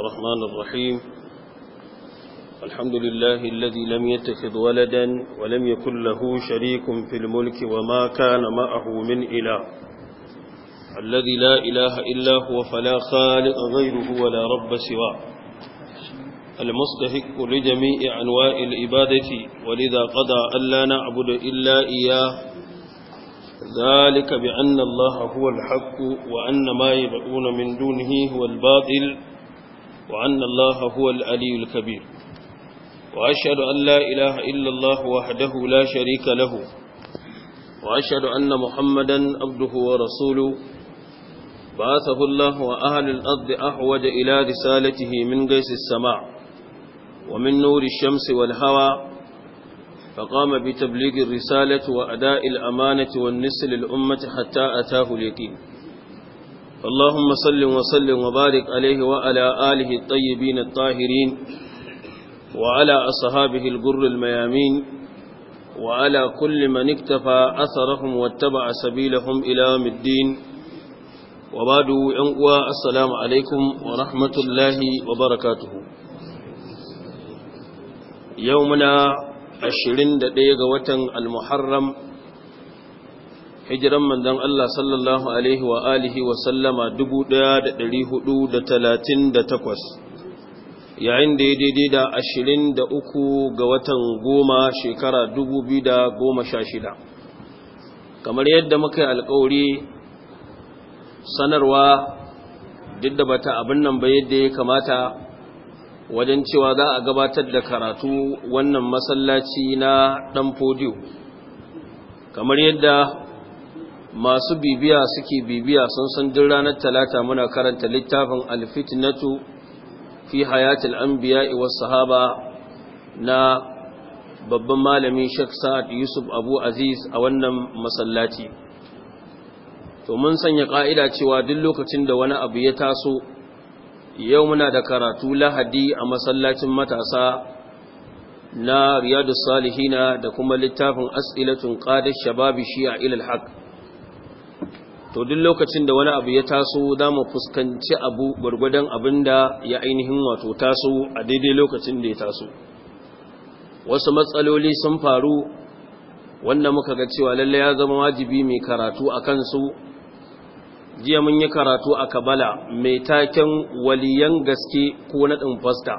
الرحمن الرحيم الحمد لله الذي لم يتخذ ولدا ولم يكن له شريك في الملك وما كان معه من إله الذي لا إله إلا هو فلا خالق غيره ولا رب سواه المستحق لجميع أنواع العبادة ولذا قضى ألا نعبد إلا إياه ذلك بأن الله هو الحق وأن ما يبعون من دونه هو الباطل وأن الله هو العلي الكبير وأشهد أن لا إله إلا الله وحده لا شريك له وأشهد أن محمدا عبده ورسوله بعثه الله وأهل الأرض أحوج إلى رسالته من قيس السماء ومن نور الشمس والهوى فقام بتبليغ الرسالة وأداء الأمانة والنسل للأمة حتى أتاه اليقين اللهم صل وسلم وبارك عليه وعلى آله الطيبين الطاهرين وعلى أصحابه الجر الميامين وعلى كل من اكتفى أثرهم واتبع سبيلهم إلى الدين وبعد أنقوى السلام عليكم ورحمة الله وبركاته يومنا عشرين دقيقة وتن المحرم hijiran manzon Allah sallallahu alaihi wa alihi wa sallama 1438 yayin da ya daidai da 23 ga watan goma shekara 2016 kamar yadda muka yi alkawari sanarwa duk da bata abin nan ba yadda ya kamata wajen cewa za a gabatar da karatu wannan masallaci na dan fodiyo kamar yadda masu bibiya suke bibiya sun san duk ranar talata muna karanta littafin alfitnatu fi hayatil anbiya'i was sahaba na babban malamin Sheikh Sa'ad Yusuf Abu Aziz a wannan masallaci to mun sanya ka'ida cewa duk lokacin da wani abu ya taso yau muna da karatu lahadi a masallacin matasa na Riyadu salihina da kuma littafin as'ilatun qadish shababi shi'a ila al to duk lokacin da wani abu ya taso za mu fuskanci abu gwargwadon abin da ya ainihin wato taso a daidai lokacin da ya taso wasu matsaloli sun faru wanda muka ga cewa lalle ya zama wajibi mai karatu a kansu jiya mun yi karatu a kabala mai taken waliyan gaske ko naɗin fasta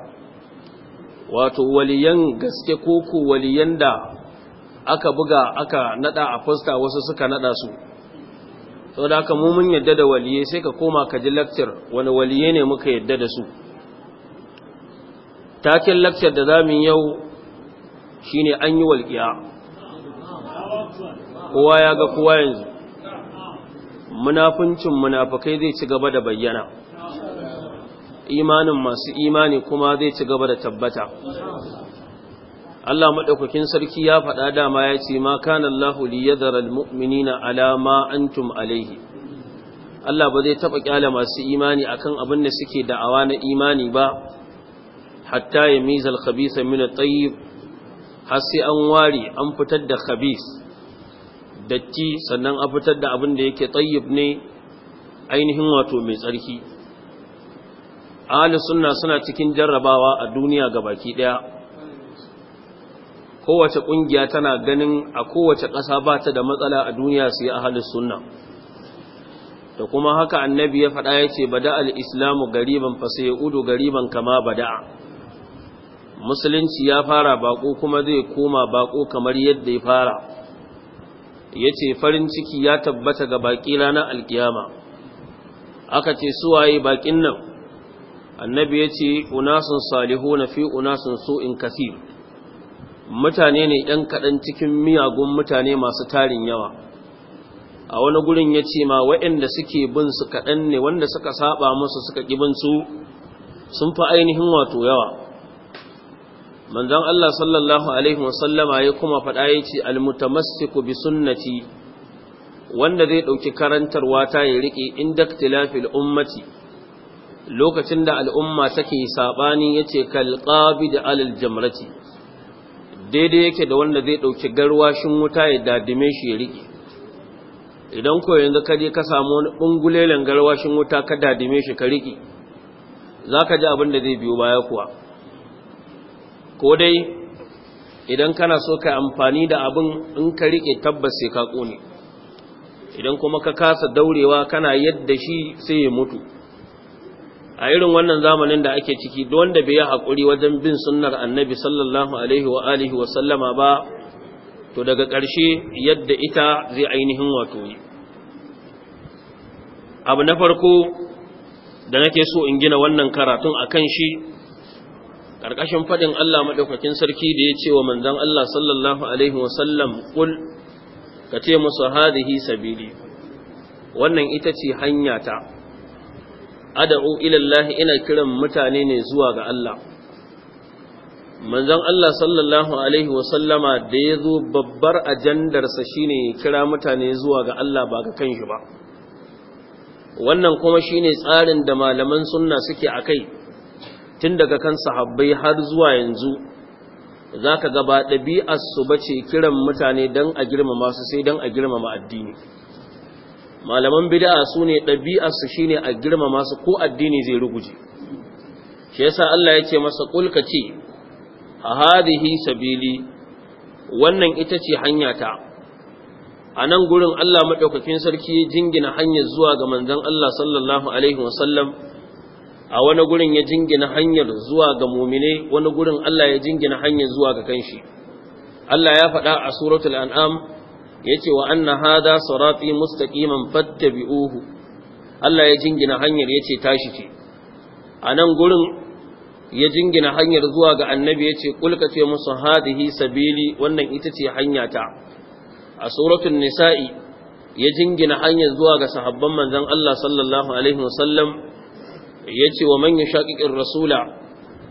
wato waliyan gaske ko ko waliyan da aka buga aka naɗa a fasta wasu suka naɗa su sau da haka mu mun yadda da waliye sai ka koma ka ji lakcir wani waliye ne muka yadda da su Takin lakcir da zamu yau shine an yi walƙiya kowa ya ga kowa yanzu Munafuncin munafakai zai ci gaba da bayyana imanin masu imani kuma zai ci gaba da tabbata Allah maɗaukakin sarki ya faɗa dama ya ce ma kana Allahu li yadhara almu'minina ala ma antum alaihi Allah ba zai taɓa kyala masu imani akan abin da suke da'awa na imani ba hatta ya mizal khabisa min at-tayyib har sai an ware an fitar da khabis datti sannan an fitar da abin da yake tayyib ne ainihin wato mai tsarki ahli sunna suna cikin jarrabawa a duniya gabaki ɗaya. kowace ƙungiya tana ganin a kowace ƙasa ba ta da matsala a duniya sai a halin sunna da kuma haka annabi ya faɗa ya ce bada al'islamu gariban fasa ya udu gariban kama bada musulunci ya fara baƙo kuma zai koma baƙo kamar yadda ya fara ya ce farin ciki ya tabbata ga baƙi ranar alkiyama aka ce suwaye baƙin nan annabi ya ce unasun salihu na fi unasun so in kasir mutane ne ɗan kaɗan cikin miyagun mutane masu tarin yawa a wani gurin ya ce ma waɗanda suke bin su kaɗan ne wanda suka saba musu suka ƙi bin su sun fi ainihin wato yawa Manzan Allah sallallahu alaihi wasallama ya kuma faɗa ya ce almutamassiku bi sunnati wanda zai ɗauki karantarwa ta ya riƙe indaktilafil ummati lokacin da al'umma take saɓani ya ce kalƙabi da alal daidai yake da wanda zai ɗauki garwashin wuta ya dadime shi ya riƙe idan ko yanzu ka je ka samu wani ɓungulelen garwashin wuta ka dadime shi ka rike za ka ji abin da zai biyo baya kuwa ko dai idan kana so ka amfani da abin in ka rike tabbas sai ka ƙone idan kuma ka kasa daurewa kana yadda shi sai ya mutu a irin wannan zamanin da ake ciki duk wanda bai yi hakuri wajen bin sunnar annabi sallallahu alaihi wa alihi wa sallama ba to daga ƙarshe yadda ita zai ainihin wato yi abu na farko da nake so in gina wannan karatun a kan shi ƙarƙashin faɗin Allah maɗaukakin sarki da ya ce wa manzan Allah sallallahu alaihi wa sallam ƙul ka ce musu hadihi sabili wannan ita ce hanyata ad'u ila Allah ina kiran mutane ne zuwa ga Allah manzon Allah sallallahu alaihi sallama da yazo babbar ajandarsa shine kira mutane zuwa ga Allah ba ga kanshi ba wannan kuma shine tsarin da malaman sunna suke akai tun daga kan sahabbai har zuwa yanzu zaka ga ba ɗabi'ar su bace kiran mutane dan a girmama su sai dan a girmama addini malaman bid'a su ne ɗabi'arsu shi ne a girmama su ko addini zai ruguje shi yasa Allah ya ce masa kulka ce a hadihi sabili wannan ita ce hanya ta. a nan gurin Allah maɗaukakin sarki jingina hanyar zuwa ga manzon Allah sallallahu alaihi wasallam a wani gurin ya jingina hanyar zuwa ga mumine wani gurin Allah ya jingina hanyar zuwa ga kanshi Allah ya faɗa a suratul an'am yace wa anna hada sirati mustaqiman fattabi'uhu Allah ya jingina hanyar yace tashi ce anan gurin ya jingina hanyar zuwa ga annabi yace kulka ce musu hadihi sabili wannan ita ce hanya ta a suratul nisa'i ya jingina hanyar zuwa ga sahabban manzon Allah sallallahu alaihi wasallam yace wa man yashaqiqir rasula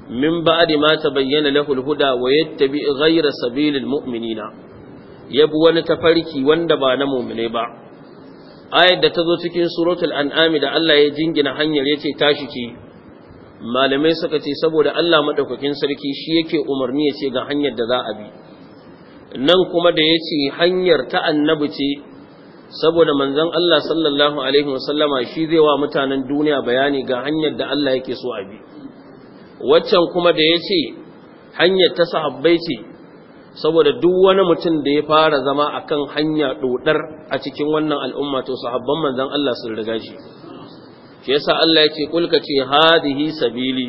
min ba'di ma tabayyana lahu al-huda wa yattabi' ghayra sabilil mu'minina ya bi wani tafarki wanda ba na mumine ba ayar da ta zo cikin suratul an'ami da Allah ya jingina hanyar ya ce tashi ce malamai suka ce saboda Allah madaukakin sarki shi yake umarni ya ce ga hanyar da za a bi nan kuma da ya ce hanyar ta annabi ce saboda manzon Allah sallallahu alaihi wasallama shi zai wa mutanen duniya bayani ga hanyar da Allah yake so a bi waccan kuma da ya ce hanyar ta sahabbai ce saboda duk wani mutum da ya fara zama akan hanya dodar a cikin wannan al'umma to sahabban manzon Allah sun riga shi shi yasa Allah yake kulka ce hadihi sabili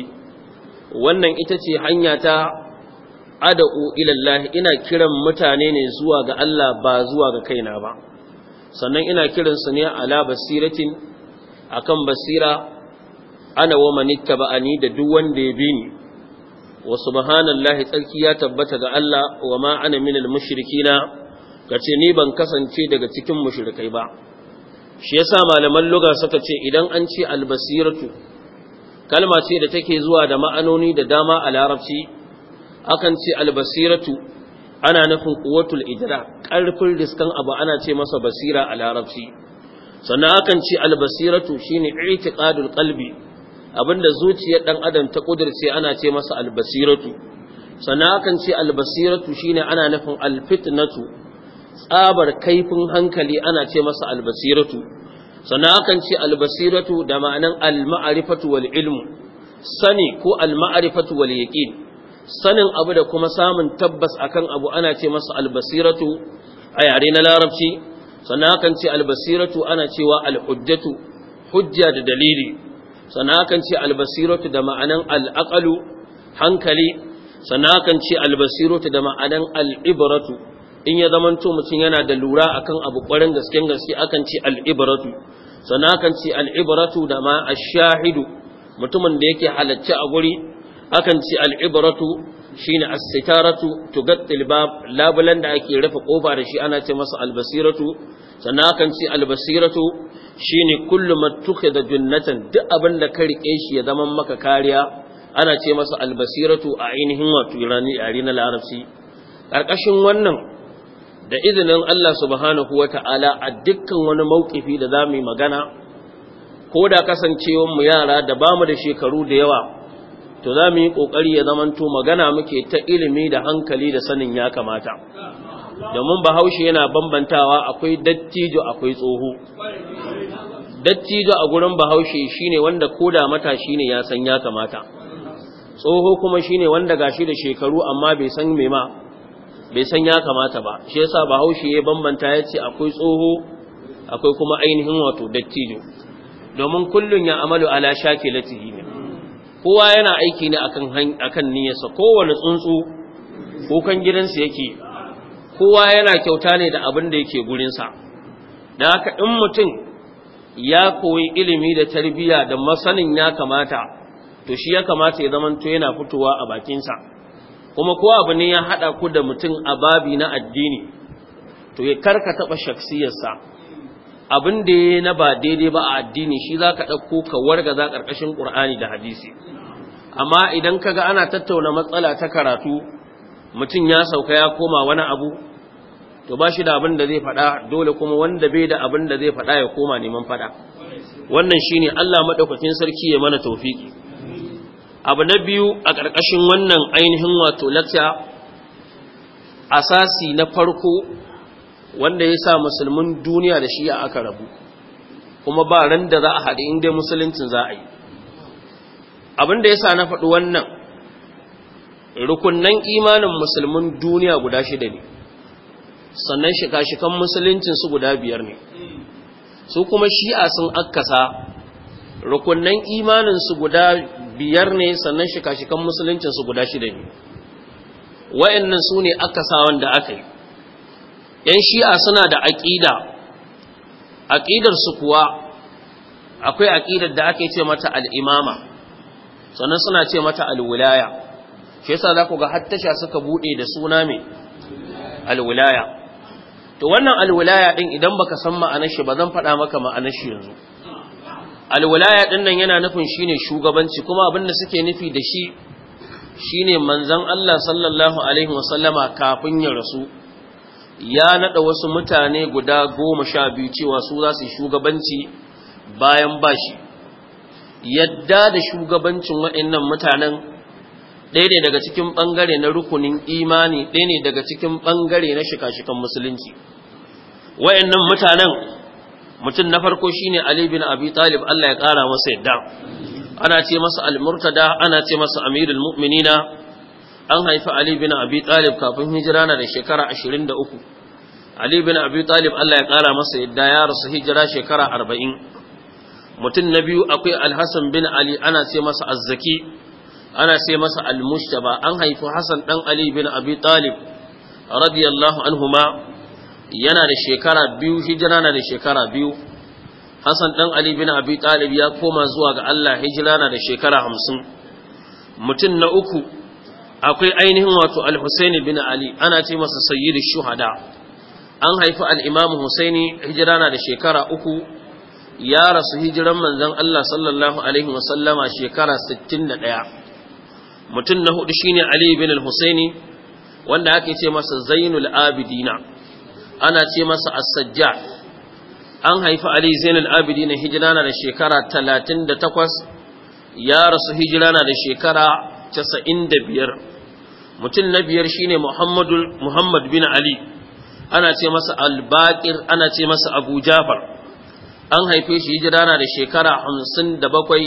wannan ita ce hanya ta ad'u ila ina kiran mutane ne zuwa ga Allah ba zuwa ga kaina ba sannan ina kiran su ne ala basiratin akan basira ana wa manittaba ani da duk wanda ya bi ni wa subhanallahi tsarki ya tabbata ga Allah wa ma ana minal mushrikina kace ni ban kasance daga cikin mushrikai ba shi yasa malaman lugha suka ce idan an ce albasiratu kalma ce da take zuwa da ma'anoni da dama a larabci akan ce albasiratu ana nufin quwwatul idra karfin riskan abu ana ce masa basira a larabci sannan akan ce albasiratu shine i'tiqadul qalbi abinda zuciyar dan adam ta kudirce ana ce masa albasiratu sannan akan ce albasiratu shine ana nufin alfitnatu tsabar kaifin hankali ana ce masa albasiratu sannan akan ce albasiratu da ma'anan alma'arifatu wal ilmu sani ko alma'arifatu wal yaqin sanin abu da kuma samun tabbas akan abu ana ce masa albasiratu a yare na larabci sannan akan ce albasiratu ana cewa alhujjatu hujja da dalili sannan akan ce albasiratu da ma'anan al'aqalu hankali sannan akan ce albasiratu da ma'anan al'ibratu in ya zamanto mutum yana da lura akan abu ƙwarin gasken gaske akan ce al'ibratu sannan akan ce al'ibratu da ma shahidu, mutumin da yake halacci a guri akan ce al'ibratu shine as-sitaratu tugattil bab labulan da ake rufe kofa da shi ana ce masa albasiratu. basiratu sannan akan ce al-basiratu shine kullu da junnatan duk abin da ka rike shi ya zama maka kariya ana ce masa albasiratu a ainihin wato irani a na larabci karkashin wannan da izinin Allah subhanahu wa ta'ala, a dukkan wani maukifi da za zamu magana ko da kasancewan mu yara da ba mu da shekaru da yawa to za mu yi ƙoƙari ya zamanto magana muke ta ilimi da hankali da sanin ya kamata domin bahaushe yana bambantawa akwai dattijo akwai tsoho dattijo a gurin bahaushe shine wanda koda matashi ne ya san ya kamata tsoho kuma shine wanda gashi da shekaru amma bai san me ma bai san ya kamata ba shi yasa bahaushe ya bambanta ya ce akwai tsoho akwai kuma ainihin wato dattijo domin kullun ya amalu ala shakilatihi ne kowa yana aiki ne akan kan niyyarsa kowane tsuntsu kokan gidansa yake kowa yana kyauta ne da abin da yake gurinsa da haka in mutum ya koyi ilimi da tarbiyya da masanin ya kamata to shi ya kamata ya zamanto yana fitowa a bakinsa kuma kowa abu ne ya haɗa ku da mutum a babi na addini to ya karka taɓa shaksiyarsa abin da ya na ba daidai ba a addini shi za ka ɗauko ka warga za ƙarƙashin ƙur'ani da hadisi amma idan ka ga ana tattauna matsala ta karatu mutum ya sauka ya koma wani abu to ba shi da abin da zai faɗa dole kuma wanda bai da abin da zai faɗa ya koma neman faɗa wannan shi ne allah maɗakafin sarki ya mana taufiki abu na biyu a ƙarƙashin wannan ainihin wato lakta asasi na farko wanda ya sa musulmin duniya da shi aka rabu kuma ba ran da za a haɗe inda musuluncin za a yi abinda ya sa na faɗi wannan rukunnan imanin musulmin duniya guda shida ne sannan shika-shikan musuluncin su guda biyar ne su kuma shi'a sun akkasa rukunnan imanin su guda biyar ne sannan shika-shikan musuluncin su guda shida ne wa'annan su ne akkasa wanda aka yi yan shi'a suna da aƙida aƙidar su kuwa akwai aƙidar da ake ce mata al'imama sannan suna ce mata alwulaya, shi yasa za ku ga hattasha suka buɗe da suna mai alwulaya. to wannan alwulaya ɗin idan baka san ma'anashi ba zan faɗa maka ma'anashi yanzu Alwulaya ɗin nan yana nufin shi ne shugabanci kuma abin da suke nufi da shi shi ne manzan Allah sallallahu alaihi wasallama kafin ya rasu ya nada wasu mutane guda goma sha biyu cewa su za su shugabanci bayan bashi yadda da shugabancin wa'annan mutanen ɗaya ne daga cikin ɓangare na rukunin imani ɗaya ne daga cikin ɓangare na shika-shikan musulunci wa'annan mutanen mutum na farko shine Ali bin Abi Talib Allah ya ƙara masa yadda ana ce masa al-murtada ana ce masa amirul mu'minina an haifi Ali bin Abi Talib kafin hijira na da shekara ashirin da uku. Ali bin Abi Talib Allah ya ƙara masa yadda ya rasu hijira shekara arba'in. Mutum na biyu akwai Alhassan bin Ali ana ce masa azzaki, ana ce masa almushtaba an haifi Hassan ɗan Ali bin Abi Talib radiyallahu anhuma yana da shekara biyu hijira na da shekara biyu. Hassan ɗan Ali bin Abi Talib ya koma zuwa ga Allah hijira na da shekara hamsin. Mutum na uku akwai ainihin wato Al-Husaini bin Ali ana ce masa sayyidu shuhada. an haifi al'imamu Husaini hijira na da shekara uku ya rasu hijiran manzan Allah sallallahu Alaihi wasallama shekara 61 mutum na hudu shine Ali bin al-Husaini wanda ake ce masa Zainul Abidina ana ce masa as an haifi Ali Zainul Abidina hijira na da shekara 38 ya rasu hijira na da shekara 95 mutum na biyar shine Muhammad bin Ali ana ce masa albaqir ana ce masa abu jafar an haife shi hijira na da shekara hamsin da bakwai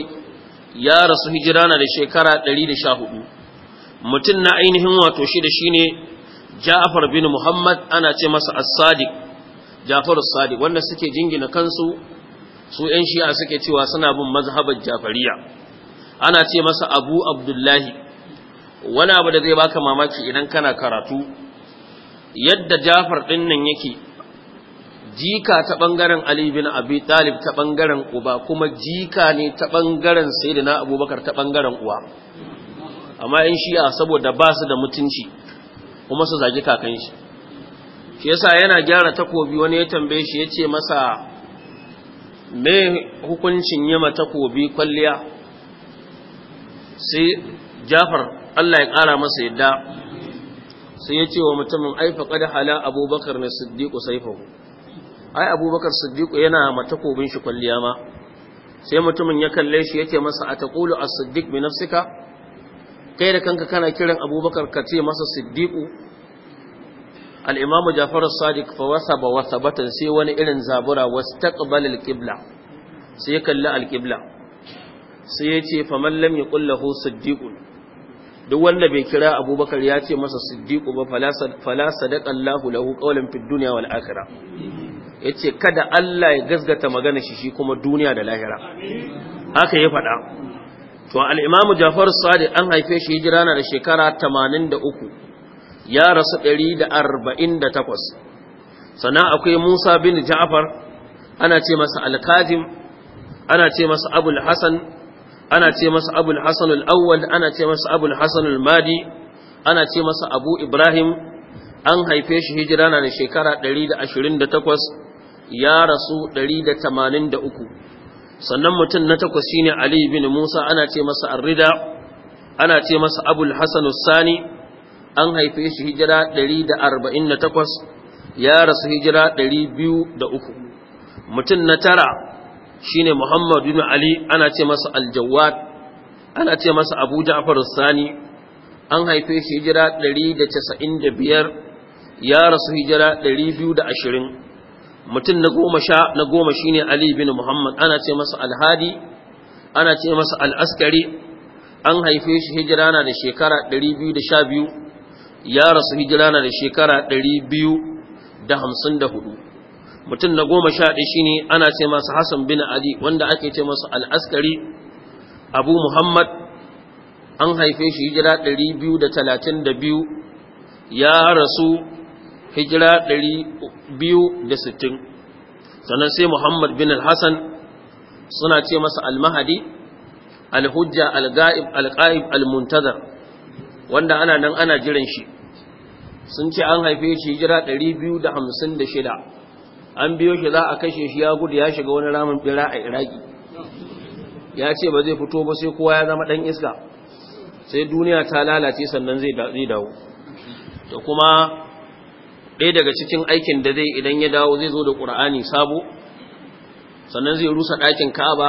ya rasu hijira na da shekara ɗari da sha hudu mutum na ainihin wato shida shine ja'far bin muhammad ana ce masa as-sadiq ja'far as-sadiq wanda suke jingina kansu su yan shi'a suke cewa suna bin mazhabar jafariya ana ce masa abu abdullahi wani abu da zai baka mamaki idan kana karatu yadda Jafar ɗin nan yake jika ta ɓangaren Ali bin Abi Talib ta ɓangaren uba kuma jika ne ta ɓangaren Sayyidina Abubakar ta ɓangaren uwa amma in shi'a saboda ba su da mutunci kuma su zagi kakan shi shi yasa yana gyara takobi wani ya tambaye shi ya ce masa me hukuncin yama takobi kwalliya sai Jafar Allah ya ƙara masa yadda sai ya ce wa mutumin ai faqad hala abubakar na siddiqu saifahu, ai abubakar siddiqu yana matakobin shi kwalliya ma sai mutumin ya kalle shi yake masa ataqulu as-siddiq bi nafsika kai da kanka kana kiran abubakar ka ce masa siddiqu al-imamu jafar as-sadiq fa wasaba batan sai wani irin zabura wastaqbal al-qibla sai ya kalli al sai ya ce faman lam yaqul lahu siddiqun duk wanda bai kira abubakar ya ce masa siddiku ba fala sadaqa Allahu lahu qawlan fid dunya wal akhirah yace kada Allah ya gazgata magana shi shi kuma duniya da lahira haka ya faɗa to al-imamu Ja'far Sadiq an haife shi hijira na da shekara 83 ya rasu 148 sannan akwai Musa bin Ja'far ana ce masa al ana ce masa Abul Hasan ana ce masa abul hasan al ana ce masa abul hasan al-madi ana ce masa abu ibrahim an haife shi hijira na da shekara 128 ya rasu 183 sannan mutum na takwas shine ali bin musa ana ce masa ar-rida ana ce masa abul hasan sani an haife shi hijira 148 ya rasu hijira 203 mutum na tara shine Muhammad bin Ali ana ce masa Al-Jawwad ana ce masa Abu Ja'far Sani an haife shi hijira 195 ya rasu hijira 220 mutum na goma sha na goma shine Ali bin Muhammad ana ce masa Al-Hadi ana ce masa Al-Askari an haife shi hijira na da shekara 212 ya rasu hijira na da shekara 254 mutum na goma sha ɗaya shine ana ce masa Hassan bin Ali wanda ake ce masa al Abu Muhammad an haife shi hijira biyu da da talatin biyu ya rasu hijira biyu da sittin, sannan sai Muhammad bin al-Hassan suna ce masa al mahadi al-Hujja al-Ga'ib al-Qa'ib al muntazar wanda ana nan ana jiran shi sun ce an haife shi hijira biyu da da hamsin shida. an biyo shi za a kashe shi ya gudu ya shiga wani ramin bira a iraki ya ce ba zai fito ba sai kowa ya zama dan iska sai duniya ta lalace sannan zai dawo da kuma ɗaya daga cikin aikin da zai idan ya dawo zai zo da ƙura'ani sabo sannan zai rusa ɗakin ka'aba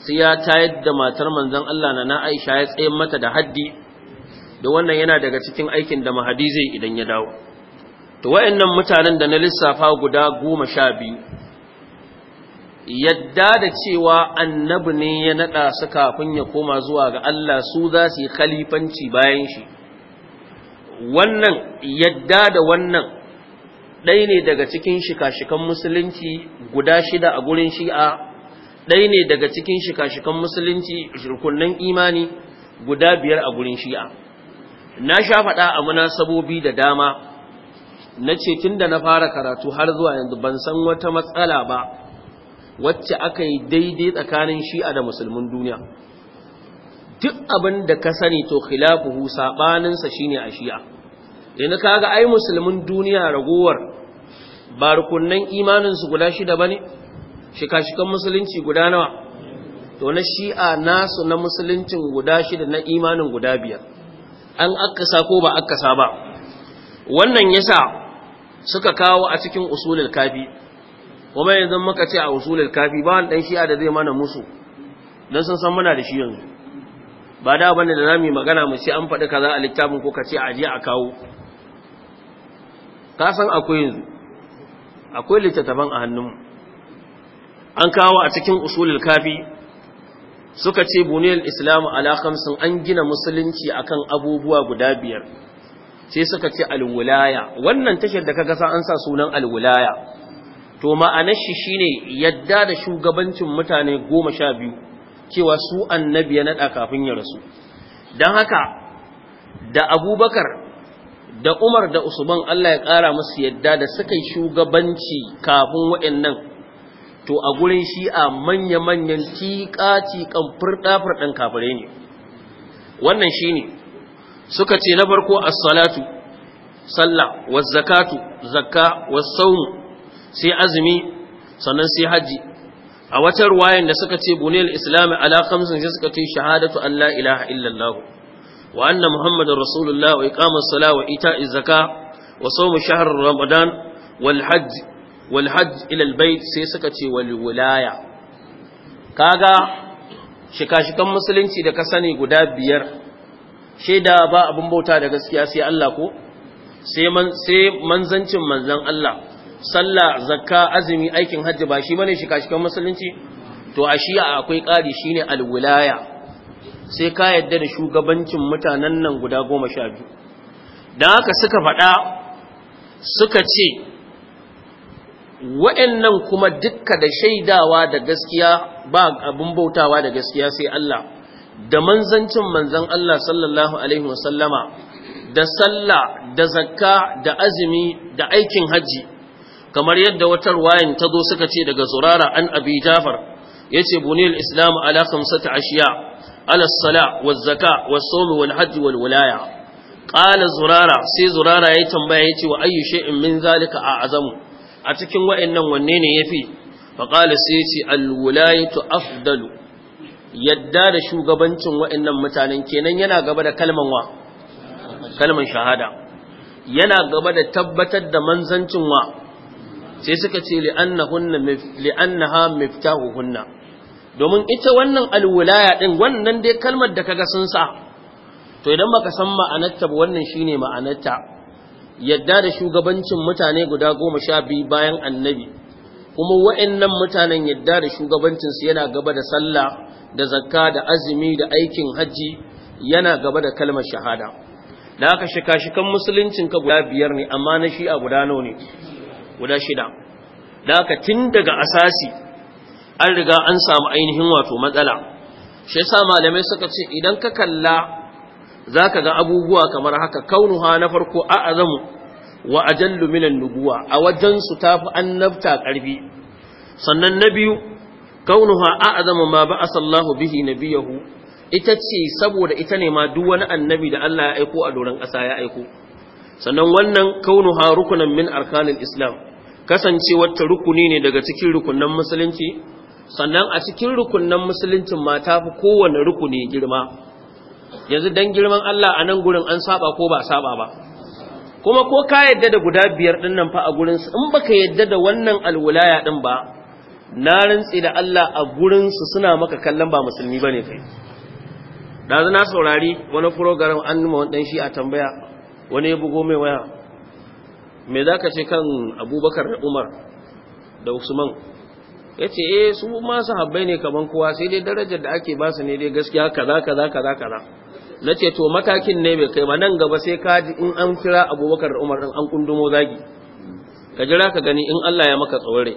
sai ya tayar da matar manzon Allah na Aisha ya tsaye mata da haddi da wannan yana daga cikin aikin da mahadi zai idan ya dawo to wayannan mutanen da na lissafa guda goma sha biyu yadda da cewa annabi ne ya nada su kafin ya koma zuwa ga Allah su za su yi khalifanci bayan shi wannan yadda da wannan ɗaya ne daga cikin shika-shikan musulunci guda shida a gurin shi'a ɗaya ne daga cikin shika-shikan musulunci shirkunan imani guda biyar a gurin shi'a na sha faɗa a munasabobi da dama na ce tun da na fara karatu har zuwa yanzu ban san wata matsala ba wacce aka yi daidai tsakanin shi'a da musulmin duniya duk abin da ka sani to khilafuhu sabaninsa shine a shi'a yanzu kaga ai musulmin duniya ragowar ba rukunnan imanin su guda shida bane shika-shikan musulunci guda nawa to na shi'a nasu na musuluncin guda shida na imanin guda biyar an akasa ko ba akasa ba wannan yasa suka kawo a cikin usulul kafi kuma yanzu muka ce a usulul kafi ba wani dan shi'a da zai mana musu dan sun san muna da shi yanzu ba da bane da zamu magana mu ce an faɗi kaza a littafin ko kace a je a kawo ka san akwai yanzu akwai littattafan a hannunmu an kawo a cikin usulul kafi suka ce buniyar islamu ala khamsin an gina musulunci akan abubuwa guda biyar sai suka ce alwulaya wannan tashar da kaga sa an sa sunan alwulaya to ma'anar shi shine yadda da shugabancin mutane goma sha biyu cewa su annabi ya naɗa kafin ya rasu don haka da abubakar da umar da usman allah ya ƙara musu yadda da suka yi shugabanci kafin waɗannan to a gurin shi a manya-manyan tiƙa-tiƙan furɗa-furɗan kafirai ne wannan shine suka ce na farko as-salatu sallah wa zakatu zakka wa sawm sai azumi sannan sai haji a wata ruwayan da suka ce buniyal islam ala khamsin sai suka ce shahadatu an la ilaha illallah wa anna muhammadar rasulullah wa iqamus salah wa ita'iz zakka wa sawm shahr ramadan wal hajj wal hajj ila al bait sai suka ce wal wilaya kaga shika-shikan musulunci da ka sani guda biyar shaida ba abin bauta da gaskiya sai Allah ko sai manzancin manzan Allah sallah zakka azumi aikin hajji ba shi bane shika-shikan musulunci to a shi akwai kari shine alwilaya sai ka yadda da shugabancin mutanen nan guda goma sha biyu Da haka suka faɗa suka ce wa'annan kuma dukka da shaidawa da gaskiya ba abin bautawa da gaskiya sai Allah da manzancin manzan Allah sallallahu alaihi wasallama da sallah da zakka da azumi da aikin hajji kamar yadda wata ruwayan ta zo suka ce daga zurara an abi jafar yace Buniyar islam ala khamsati ashiya ala sala waz zaka was sawm wal wal wilaya qala zurara sai zurara ya tambaya yace wa ayyu shay'in min zalika a azamu a cikin wa'annan wanne ne yafi fa qala sai yace al wilayatu afdalu yadda da shugabancin wa'annan mutanen kenan yana gaba da kalman wa kalman shahada yana gaba da tabbatar da manzancin wa sai suka ce li'annaha miftahuhunna domin ita wannan alwilaya din wannan dai kalmar da kaga sun sa to idan baka san ma'anarta ba wannan shine ma'anarta yadda da shugabancin mutane guda goma sha biyu bayan annabi kuma wa'annan mutanen yadda da shugabancinsu yana gaba da sallah da zakka da azumi da aikin hajji yana gaba da kalmar shahada da aka shika-shikan musuluncinka guda biyar ne amma na shi a guda nawa ne guda shida da aka tun daga asasi an riga an samu ainihin wato matsala shi yasa malamai suka ce idan ka kalla zaka ga abubuwa kamar haka kaunuha na farko a azamu wa ajallu minan nubuwa a wajen su tafi annabta karfi sannan na biyu kaunuha a'zama ma ba'a sallahu bihi na biyahu, ita ce saboda ita ne ma duk wani annabi da Allah ya aiko a doron ƙasa ya aiko sannan wannan kaunuha rukunan min arkanin islam kasancewar ta rukuni ne daga cikin rukunan musulunci sannan a cikin rukunan musuluncin ma ta fi kowane rukuni girma yanzu dan girman Allah a nan gurin an saba ko ba saba ba kuma ko ka yadda da guda biyar din nan fa a gurin in baka yadda da wannan alwulaya din ba na rantsi da Allah a gurinsu suna maka kallon ba musulmi bane kai da na saurari wani program an nuna wani dan shi a tambaya wani ya bugo mai waya me zaka ce kan Abubakar da Umar da Usman yace eh su ma sahabbai ne kaman kowa sai dai darajar da ake ba su ne dai gaskiya kaza kaza kaza kaza na ce to matakin ne bai kai ma nan gaba sai ka ji in an kira abubakar da umar ɗin an kundumo zagi ka jira ka gani in allah ya maka tsore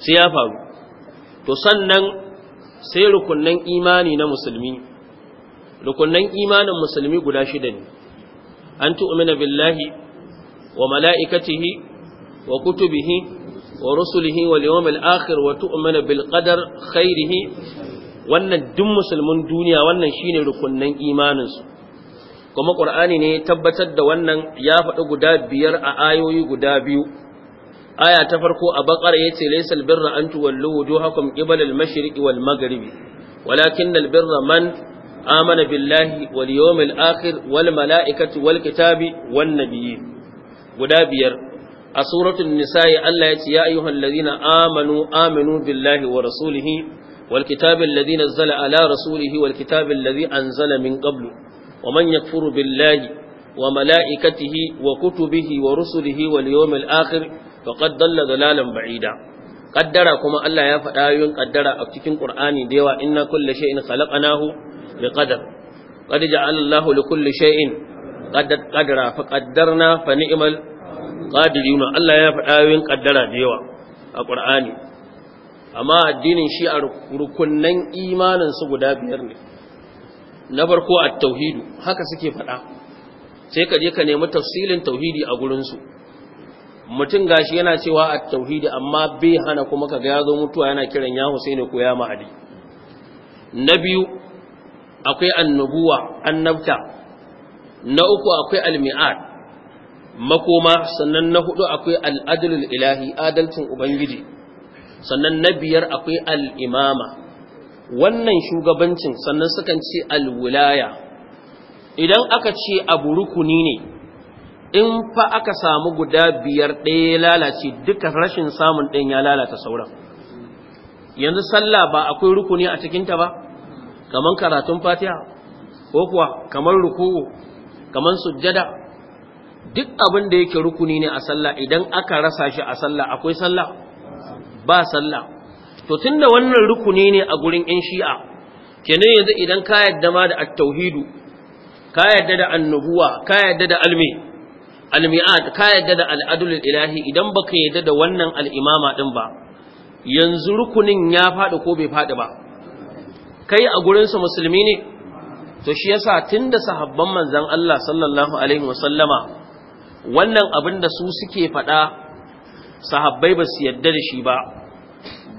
sai ya faru to sannan sai rukunnan imani na musulmi rukunnan imanin musulmi guda shida ne an tu'mina billahi wa mala'ikatihi wa kutubihi wa rusulihi wal yawmil akhir wa tu'mina bil qadar khairihi wannan duk musulmin duniya wannan shine rukunnan imaninsu kuma ƙur'ani ne tabbatar da wannan ya faɗi guda biyar a ayoyi guda biyu aya ta farko a baƙar ya ce laisal birra an tuwallu wujuhakum qibala al-mashriqi wal maghribi walakin al-birra man amana billahi wal yawmil akhir wal mala'ikati wal kitabi wan guda biyar a suratul nisa'i Allah ya ce ya ayyuhal ladina amanu aminu billahi wa rasulihi wal kitabil ladhi nazzala ala rasulihi wal kitabil ladhi anzala min qablu wa man yakfuru billahi wa mala'ikatihi wa kutubihi wa rusulihi wal yawmil akhir faqad dalla dalalan ba'ida Ƙaddara kuma Allah ya faɗa yin qaddara a cikin Qur'ani da yawa inna kulli shay'in khalaqnahu biqadar qad ja'ala Allahu likulli shay'in qadara fa qaddarna fa ni'mal qadiruna Allah ya faɗa yin ƙaddara da a Qur'ani amma addinin shi a rukunnan imaninsu guda biyar ne na farko a tauhidu haka suke faɗa sai ka je ka nemi tafsilin tauhidi a gurinsu mutum gashi yana cewa a tauhidi amma bai hana kuma ka ga ya zo mutuwa yana kiran ya hussein ko ya ma'adi. na biyu akwai annabuwa annabta na uku akwai almi'ad makoma sannan na hudu akwai al'adalul ilahi adalcin ubangiji sannan na biyar akwai al'imama wannan shugabancin sannan sukan ce alwulaya idan aka ce abu rukuni ne in fa aka samu guda biyar ɗaya ya lalace duka rashin samun ɗin ya lalata sauran yanzu sallah ba akwai rukuni a cikinta ba kamar karatun fatiha ko kuwa kamar ruku'u kamar sujjada duk abin da yake rukuni ne a sallah idan aka rasa shi a sallah akwai sallah ba sallah to tunda wannan rukuni ne a gurin yan shi'a kenan yanzu idan ka yadda ma da at-tauhidu ka yadda da annubuwa ka yadda da almi almi'at ka yadda da al'adul ilahi idan baka yadda da wannan al'imama din ba yanzu rukunin ya faɗi ko bai faɗi ba kai a gurinsa musulmi ne to shi yasa tunda sahabban manzon Allah sallallahu alaihi wasallama wannan abin da su suke faɗa sahabbai ba su yadda da shi ba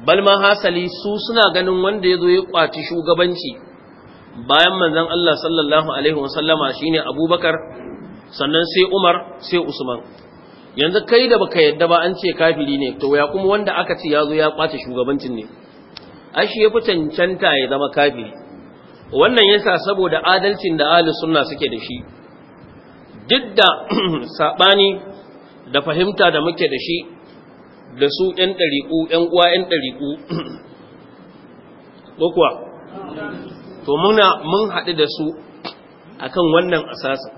ma hasali su suna ganin wanda ya zo ya kwaci shugabanci bayan manzon Allah sallallahu alaihi sallama shine Abubakar sannan sai Umar sai Usman yanzu kai da baka yadda ba an ce kafiri ne to ya kuma wanda aka ce ya zo ya kwaci shugabancin ne ai shi yafi cancanta ya zama kafiri wannan yasa saboda adalcin da ahli sunna suke da shi duk da sabani da fahimta da muke da shi da su ‘yan ɗariƙu, ‘yan uwa ‘yan ɗariƙu, kuwa, to muna mun haɗu da su akan wannan asasa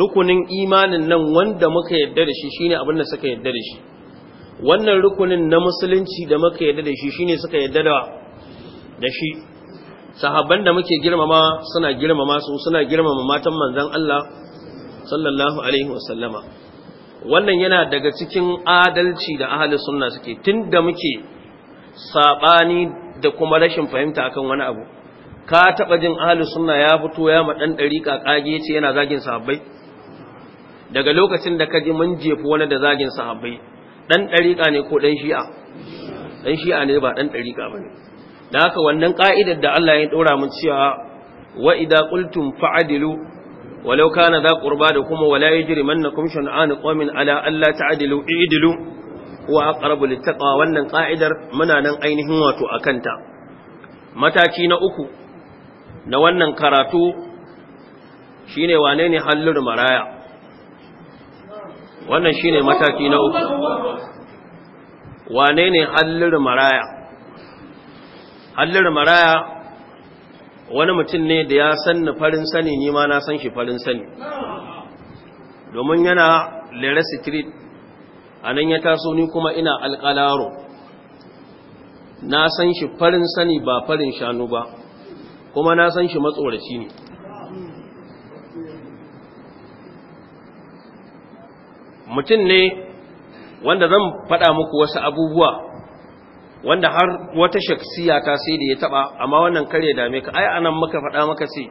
Rukunin imanin nan wanda muka yadda da shi shine abin da suka yadda da shi. Wannan rukunin na musulunci da muka yadda da shi shine suka yadda da shi. Sahabban da muke girmama suna girmama su suna girmama matan manzon Allah sallallahu alaihi wasallama. wannan yana daga cikin adalci da ahali sunna suke tun da muke saɓani da kuma rashin fahimta akan wani abu ka taɓa jin ahali sunna ya fito ya ma ɗari ƙaƙage ce yana zagin sahabbai daga lokacin da ka ji mun jefu wani da zagin sahabbai ɗan ɗariƙa ne ko ɗan shi'a Ɗan shi'a ne ba ɗan ɗariƙa ba ne. da haka wannan ƙa'idar da Allah ya ɗora mun cewa wa idza qultum fa'dilu walau kana za qurba da kuma wala yajrimannakum shan'an qawmin ala alla ta'dilu i'dilu wa aqrabu littaqwa wannan ka'idar muna nan ainihin wato akanta mataki na uku na wannan karatu shine wane ne hallur maraya wannan shine mataki na uku wane ne hallur maraya hallur maraya wani mutum ne da ya san na farin sani ni ma na san shi farin sani domin yana lera street a nan ya taso ni kuma ina alƙalaro na san shi farin sani ba farin shanu ba kuma na san shi matsoraci ne mutum ne wanda zan faɗa muku wasu abubuwa wanda har wata shaksiya ta sai da ya taba amma wannan kare dame ka ai anan muka faɗa maka sai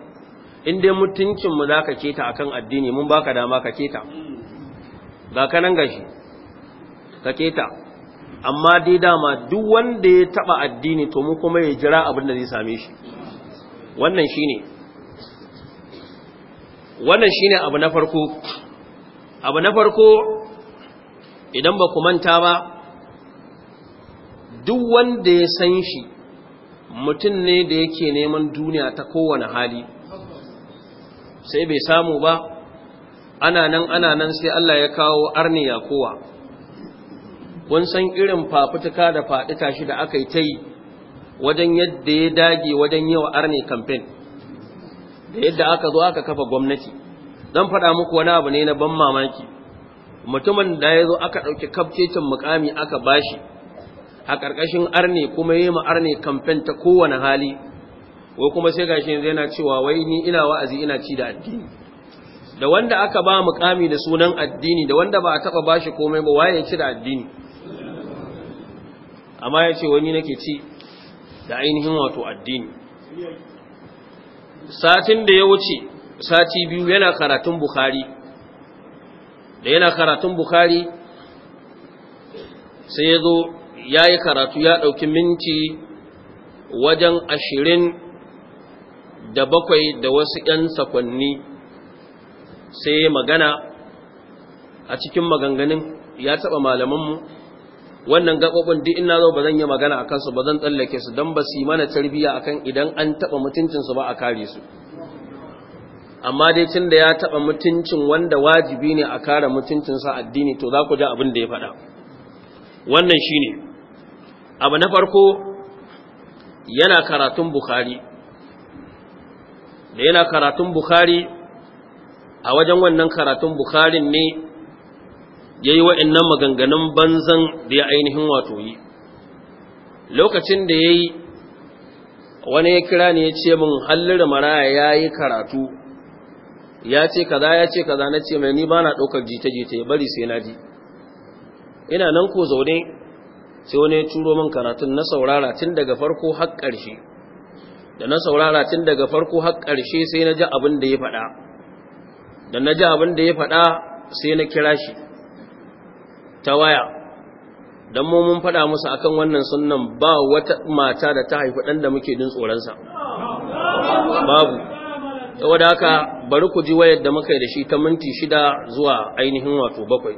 in dai mutuncin mu zaka keta akan addini mun baka dama ka keta ga kanan gashi ka keta amma dai dama duk wanda ya taba addini to mu kuma ya jira abin da zai same shi wannan shine wannan shine abu na farko abu na farko idan ba ku manta ba duk wanda ya san shi mutum ne da yake neman duniya ta kowane hali sai bai samu ba ana nan ana nan sai Allah ya kawo arniya kowa kun san irin fafutuka da faɗi shi da aka yi ta yi wajen yadda ya dage wajen wa arni kamfen da yadda aka zo aka kafa gwamnati don faɗa muku wani abu ne na ban mamaki mutumin da ya zo aka ɗauki kafcecin mukami aka bashi a ƙarƙashin arne kuma yi ma arne kamfen ta kowane hali wai kuma sai gashi yanzu yana cewa wai ni ina wa'azi ina ci da addini da wanda aka ba mukami da sunan addini da wanda ba a taba shi komai ba waye ya ci da addini amma ya ce wani nake ci da ainihin wato addini satin da ya wuce sati biyu yana karatun bukhari da yana karatun bukhari sai ya zo ya yi karatu ya ɗauki minti wajen ashirin da bakwai da wasu ‘yan sakonni sai magana a cikin maganganun ya taɓa malamanmu wannan gaɓaɓin duk ina zo ba zan yi magana a kansu ba zan tsallake su don ba su yi mana tarbiyya a kan idan an taɓa mutuncinsu ba a kare su amma dai tun da ya taɓa mutuncin wanda wajibi ne a kare mutuncinsa addini to za ku ja abin da ya faɗa wannan shi ne abu na farko yana karatun bukhari da yana karatun bukhari a wajen wannan karatun bukharin ne ya yi wa'innan maganganun banzan da ya ainihin wato yi lokacin da ya yi wani ya kira ne ya ce min hallar maraya ya yi karatu ya ce kaza ya ce kaza na ce mai ni ba na ɗaukar jita-jita ya bari sai na ji ina nan ko zaune sai wani ya turo min karatun na saurara tun daga farko har ƙarshe da na saurara tun daga farko har ƙarshe sai na ji abin da ya faɗa da na abin da ya faɗa sai na kira shi ta waya don mu mun faɗa musu akan wannan sunnan ba wata mata da ta haifi ɗan da muke jin tsoronsa babu saboda haka bari ku ji wayar da muka yi da shi ta minti shida zuwa ainihin wato bakwai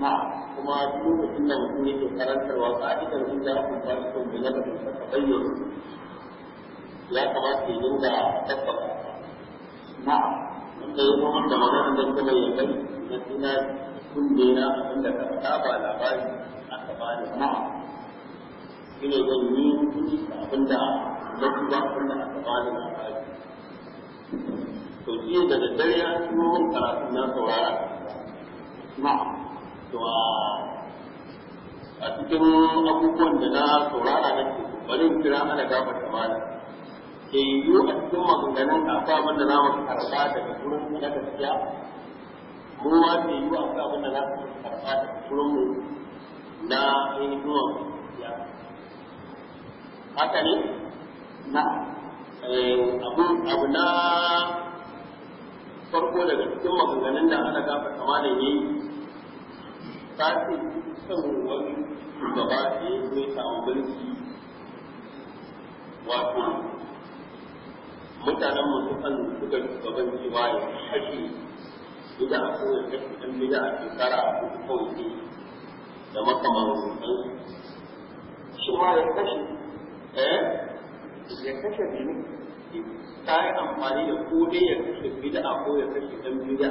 ma kuma duk lokacin da mutum yake karantarwa ka'idar sun za ku ta su kun bila da kuma tabayyun ya kamata ya dinga tabbata na'am wanda ya zama da magana da kuma ya kai na tuna kun dena abin da ka faɗa ba labari a gaba ma na'am shi ne zan yi abin da na tuba abin da a bani labari to shi da daddare ya tuno karatun na saurara na'am a cikin abubuwan da na saurara na ke bari kira ana gaba da mana ke yiwu a cikin maganganun a abin da za mu karɓa daga gurin mu na gaskiya mu ma ke yiwu a abin da za mu karɓa daga gurin mu na ainihin wa gaskiya haka ne na eh, abu na farko daga cikin maganganun da ana gaba da mana ne ta ce son wani shugaba ne ne ta ya wato mutanen masu sukan suka shugaban cewa ya kashe gida a kowace kashe ɗan gida a shekara ko kawai da makamarin shi ma ya kashe eh ya kashe ne ta yi amfani da ko dai ya kashe bida ko ya kashe ɗan gida.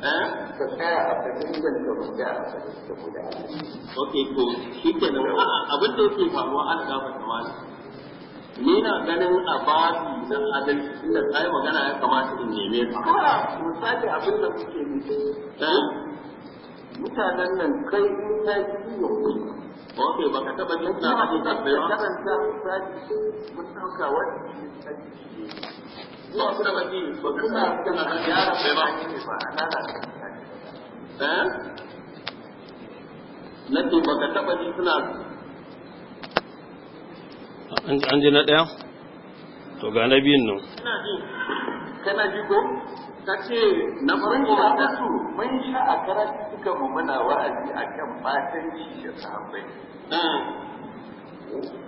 ka tsaya a fahimtar da guda a fahimtar guda ok to shi ke nan abin da yake faruwa an gafa da wani ni na ganin a babi na adalci inda ka magana ya kamata in neme ka misali abin da kuke nufi eh? mutanen nan kai in na ciwo ok ba ka taɓa jin na abin da ya karanta misali mun ɗauka wani zuwa ba ba ba suna an ji na ɗaya? to ga na biyun nan kana ji ko ta ce na farko a ta su mun sha a karatu suka mu muna wa'azi batan shi da sahabbai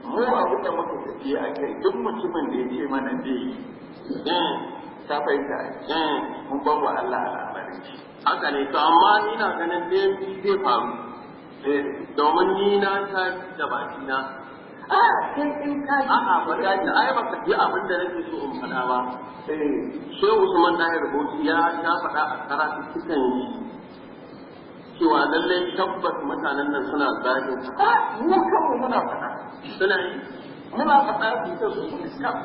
mu abu wuta maka tafiya a kai duk mutumin da ya ce mana zai yi ta fahimta mun bar Allah al'amari haka ne to amma ina ganin dai zai faru eh, domin ni na ta da baki na ah, a'a ba ta ji ai ba ka ji abin da nake so in faɗa ba eh, shehu usman dahir bauchi ya ta faɗa a karatu cikin cewa lallai tabbas mutanen nan suna zagin ah, mu kawai muna faɗa suna yi muna faɗa su ta su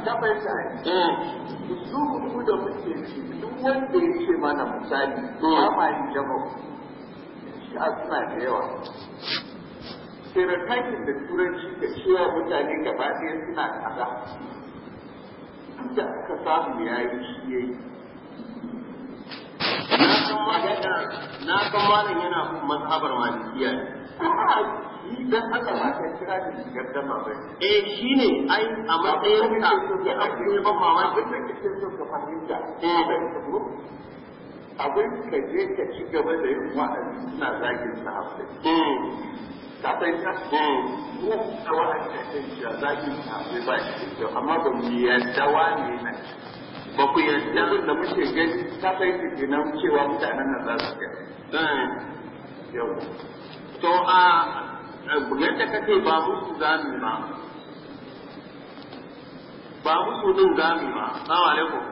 ya fahimta ne su mu da muke ci duk wanda ya ce mana misali eh. ba ma yi jama'a shi a suna da yawa stereotyping da turanci da cewa mutane gaba ɗaya suna kaza Duk da aka samu ya yi shi ya yi na san malam yana mazhabar malikiya ne idan haka matar kira da shigar da mama eh shine ai a matsayin ka da akwai ban mamaki da kike so ka fahimta eh abin ka je ka ci gaba da yin wa'azi suna zagin eh. ka sai ka ko eh. a wa'azi ka sai ya zagin ba shi da amma ba mu yadda wani ba ku yadda da muke gani ka sai ki kenan cewa mutanen nan za su ga eh. yau to a yadda ka ce ba musu zami ba ba musu din zami ba salamu alaikum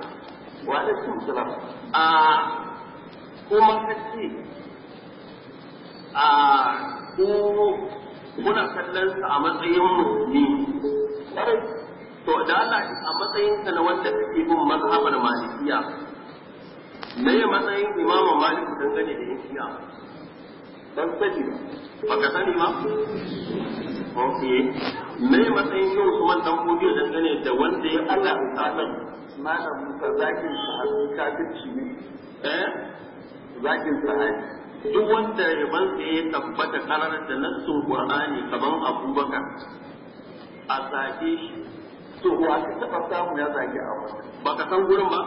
wa alaikum salam a kuma ka ce a ko kuna kallon sa a matsayin musulmi to da Allah a matsayin ka na wanda kake bin mazhabar malikiya ne matsayin imamu malik dangane da yin shi'a dan sani ba baka sani ba ok me matsayin yau Usman dan Hudiya dangane da wanda ya Allah ya sabai malam Musa zakin sahabi kafirci ne eh zakin sahabi duk wanda riban sa ya tabbata karar da nassun Qur'ani kaman Abubakar a zage shi to wa ka taba samu ya zage a wata baka san gurin ba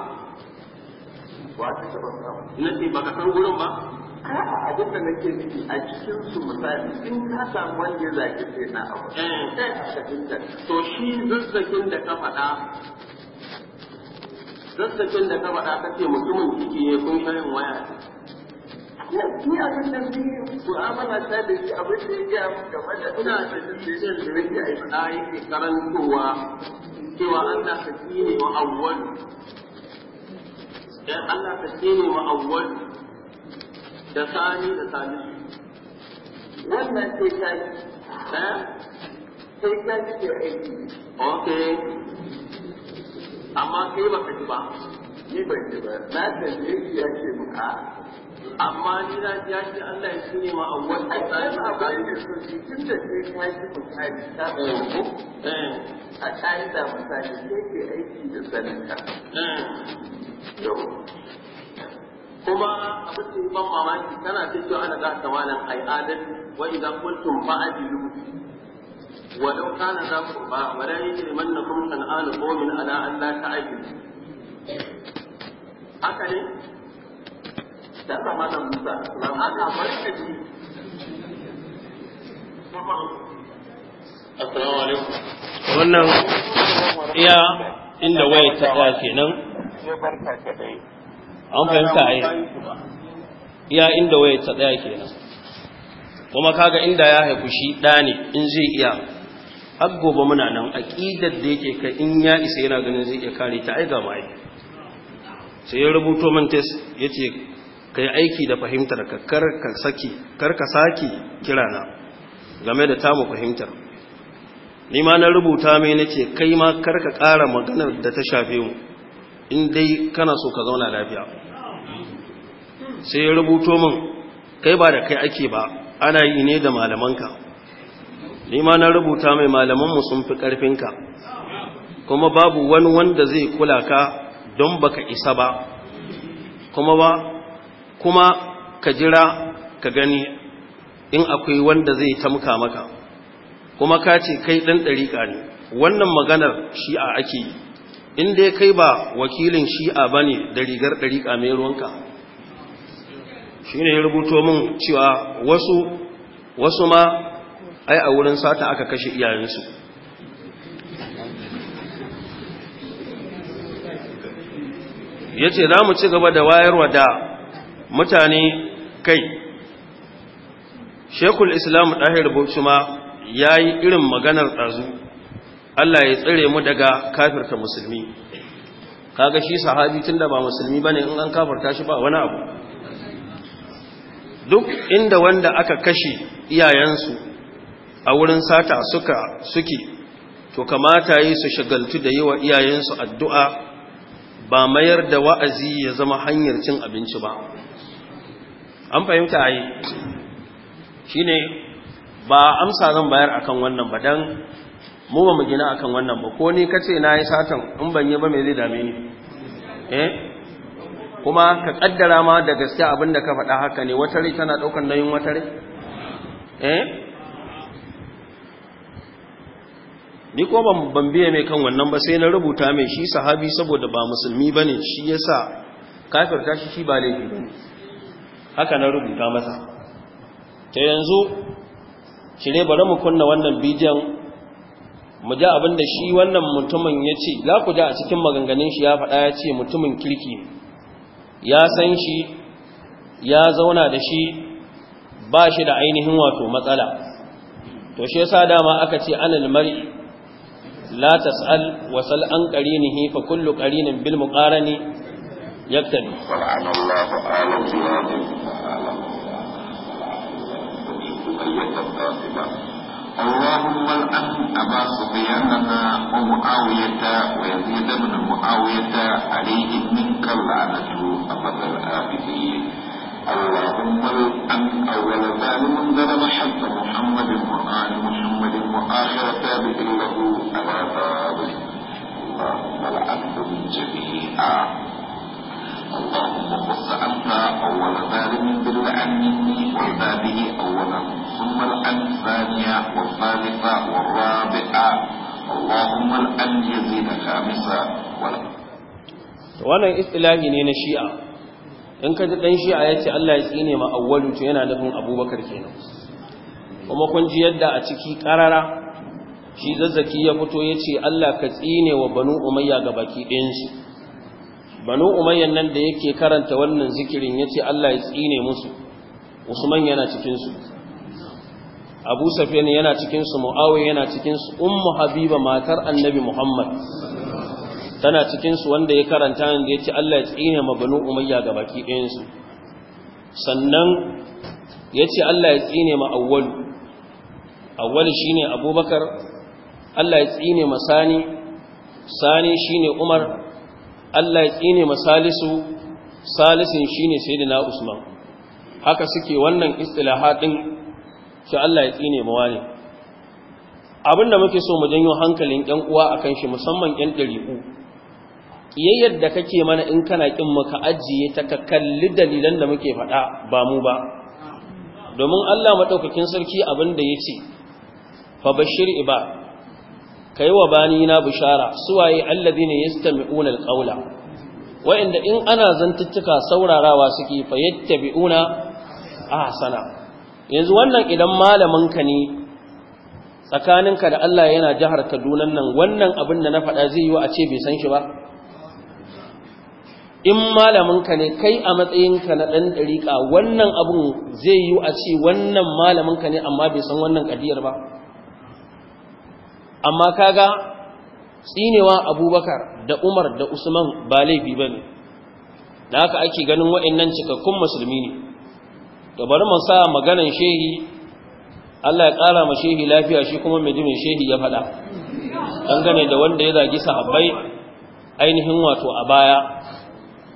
wa ka taba samu nace baka san gurin ba a abin da nake nufi a cikin su misali in ka samu wanda ya zaki sai na abu eh. sai ka fahimta to shi zazzakin da ka faɗa zazzakin da ka faɗa kake mutumin ciki ne kun shayin waya ni abin da ni mu'amala ta da shi abin da ya game da ina da decision da nake a yake karantowa cewa Allah ka ne wa awwal dan Allah ka ne wa awwal da sani da sani wannan sai ta ha sai ta yi ke aiki ok amma kai ba ka ji ba ni ba ji ba na tambaye shi ya ce muka amma ni na ji ya ce Allah ya shine ma a wani a tsarin abin da sun ji tun da sai ta yi mutane ta ɗauko eh. eh. a tsarin da mutane sai ke aiki da sanin ka eh. yau kuma abin da ban mamaki tana ta cewa ana za ta malam ai adal wa idan kuntum fa'adilu ولو كان ذا قربى ولا يجرمنكم شنآن قوم على أن لا تعدلوا haka ne da aka mana musa na haka barka ji assalamu alaikum wannan iya inda waye ta kenan sai barka ka dai an fahimta a iya inda waya ta tsaya kenan kuma kaga inda ya haifu shi ɗa ne in zai iya har gobe muna nan aƙidar da yake ka in ya isa yana ganin zai iya kare ta aiga ma sai ya rubuto min ya ce ka yi aiki da fahimtar ka sake kira kirana game da tamu fahimtar ni ma na rubuta mai na ce kai ma kar ka ƙara maganar da ta shafe mu in dai kana so ka zauna lafiya sai ya rubuto min kai ba da kai ake ba ana yi ne da malamanka ni ma na rubuta mai malamanmu sun fi ƙarfinka kuma babu wani wanda zai kula ka don baka isa ba kuma ba kuma ka jira ka gani in akwai wanda zai tamka maka kuma ka ce kai ɗan ɗari ne wannan maganar shi'a ake yi in dai kai ba wakilin shi'a ba ne da rigar ɗariƙa mai ruwanka shi ne rubuto min cewa wasu wasu ma ai a wurin sata aka kashe iyayensu ya ce za mu ci gaba da wayarwa da mutane kai shekul islam ɗahir bauchi ma ya yi irin maganar ɗazu Allah ya tsire mu daga kafirta musulmi kaga shi sahabi tunda ba musulmi bane in an kafirta shi ba wani abu duk inda wanda aka kashe iyayensu a wurin sata suka suke to kamata yi su shagaltu da yi wa iyayensu addu'a ba mayar da wa'azi ya zama hanyar cin abinci ba an fahimta yi shi ba amsa zan bayar akan wannan ba dan. mu ba mu gina akan wannan ba ko ni kace na yi satan in ban yi ba me zai dame ni eh kuma ka kaddara ma da gaske abinda ka faɗa haka ne wata rai tana ɗaukar nauyin wata rai eh ni ko ban ban biye mai kan wannan ba sai na rubuta mai shi sahabi saboda ba musulmi bane shi yasa kafirta shi shi ba laifi bane haka na rubuta masa Ta yanzu shi ne bari mu kunna wannan bidiyon mu ji abin da shi wannan mutumin ya ce za ku ji a cikin maganganun shi ya faɗa ya ce mutumin kirki ya san shi ya zauna da shi ba shi da ainihin wato matsala to shi yasa dama aka ce an almari la tas'al wa sal an qarinihi hifa kullu qarinin bil muƙara yaktabi ya tabi اللهم الآن أبا سفيان ومعاوية ويزيد بن معاوية عليه منك اللعنة أبد الآبدين اللهم الآن أول ظالم ظلم حق محمد وآل محمد وآخر ثابت له على بابه اللهم العبد جميعا سألت أول ظالم باللعن وبابه أولا ثم الآن الثانية والثالثة والرابعة اللهم الآن يزيد خامسة wannan istilahi ne na shi'a in ka ji dan shi'a ya ce Allah ya tsine ma awwalu to yana nufin abubakar kenan kuma kun ji yadda a ciki karara shi zazzaki ya fito ya ce Allah ka tsine wa banu umayya ga baki ɗayansu banu umayyan nan da yake karanta wannan zikirin yace Allah ya tsine musu usman yana cikin su abu safiyan yana cikin su muawiya yana cikin su ummu habiba matar annabi muhammad tana cikin su wanda ya karanta nan da yace Allah ya tsine ma banu umayya ga baki ɗayan su sannan yace Allah ya tsine ma awwal awwal shine abubakar Allah ya tsine ma sani sani shine umar Allah ya tsine masalisu salisin shine sayyidina Usman haka suke wannan istilaha din shi Allah ya tsine mawa ne da muke so mu janyo hankalin ƴan uwa akan shi musamman ƴan ɗari'u kiyayyar da kake mana in kana kin maka ka ajiye ta ka kalli dalilan da muke faɗa ba mu ba domin Allah madaukakin sarki abinda yace fa bashir ibad kai wa bani na bushara suwaye alladhina yastami'una alqawla wa'inda in ana zantuttuka saurarawa suke a ahsana yanzu wannan idan malamin ne tsakaninka da Allah yana jihar Kaduna nan wannan abin da na faɗa zai yi wa a ce bai san shi ba in malaminka ne kai a matsayinka na ɗan ɗariƙa wannan abin zai yi a ce wannan malaminka ne amma bai san wannan ƙadiyar ba amma kaga tsinewa abubakar da umar da usman ba laifi ba ne da haka ake ganin wa'annan cikakkun musulmi ne da bari mu sa maganan shehi Allah ya ƙara ma shehi lafiya shi kuma mai jimin shehi ya faɗa dangane da wanda ya zagi sahabbai ainihin wato a baya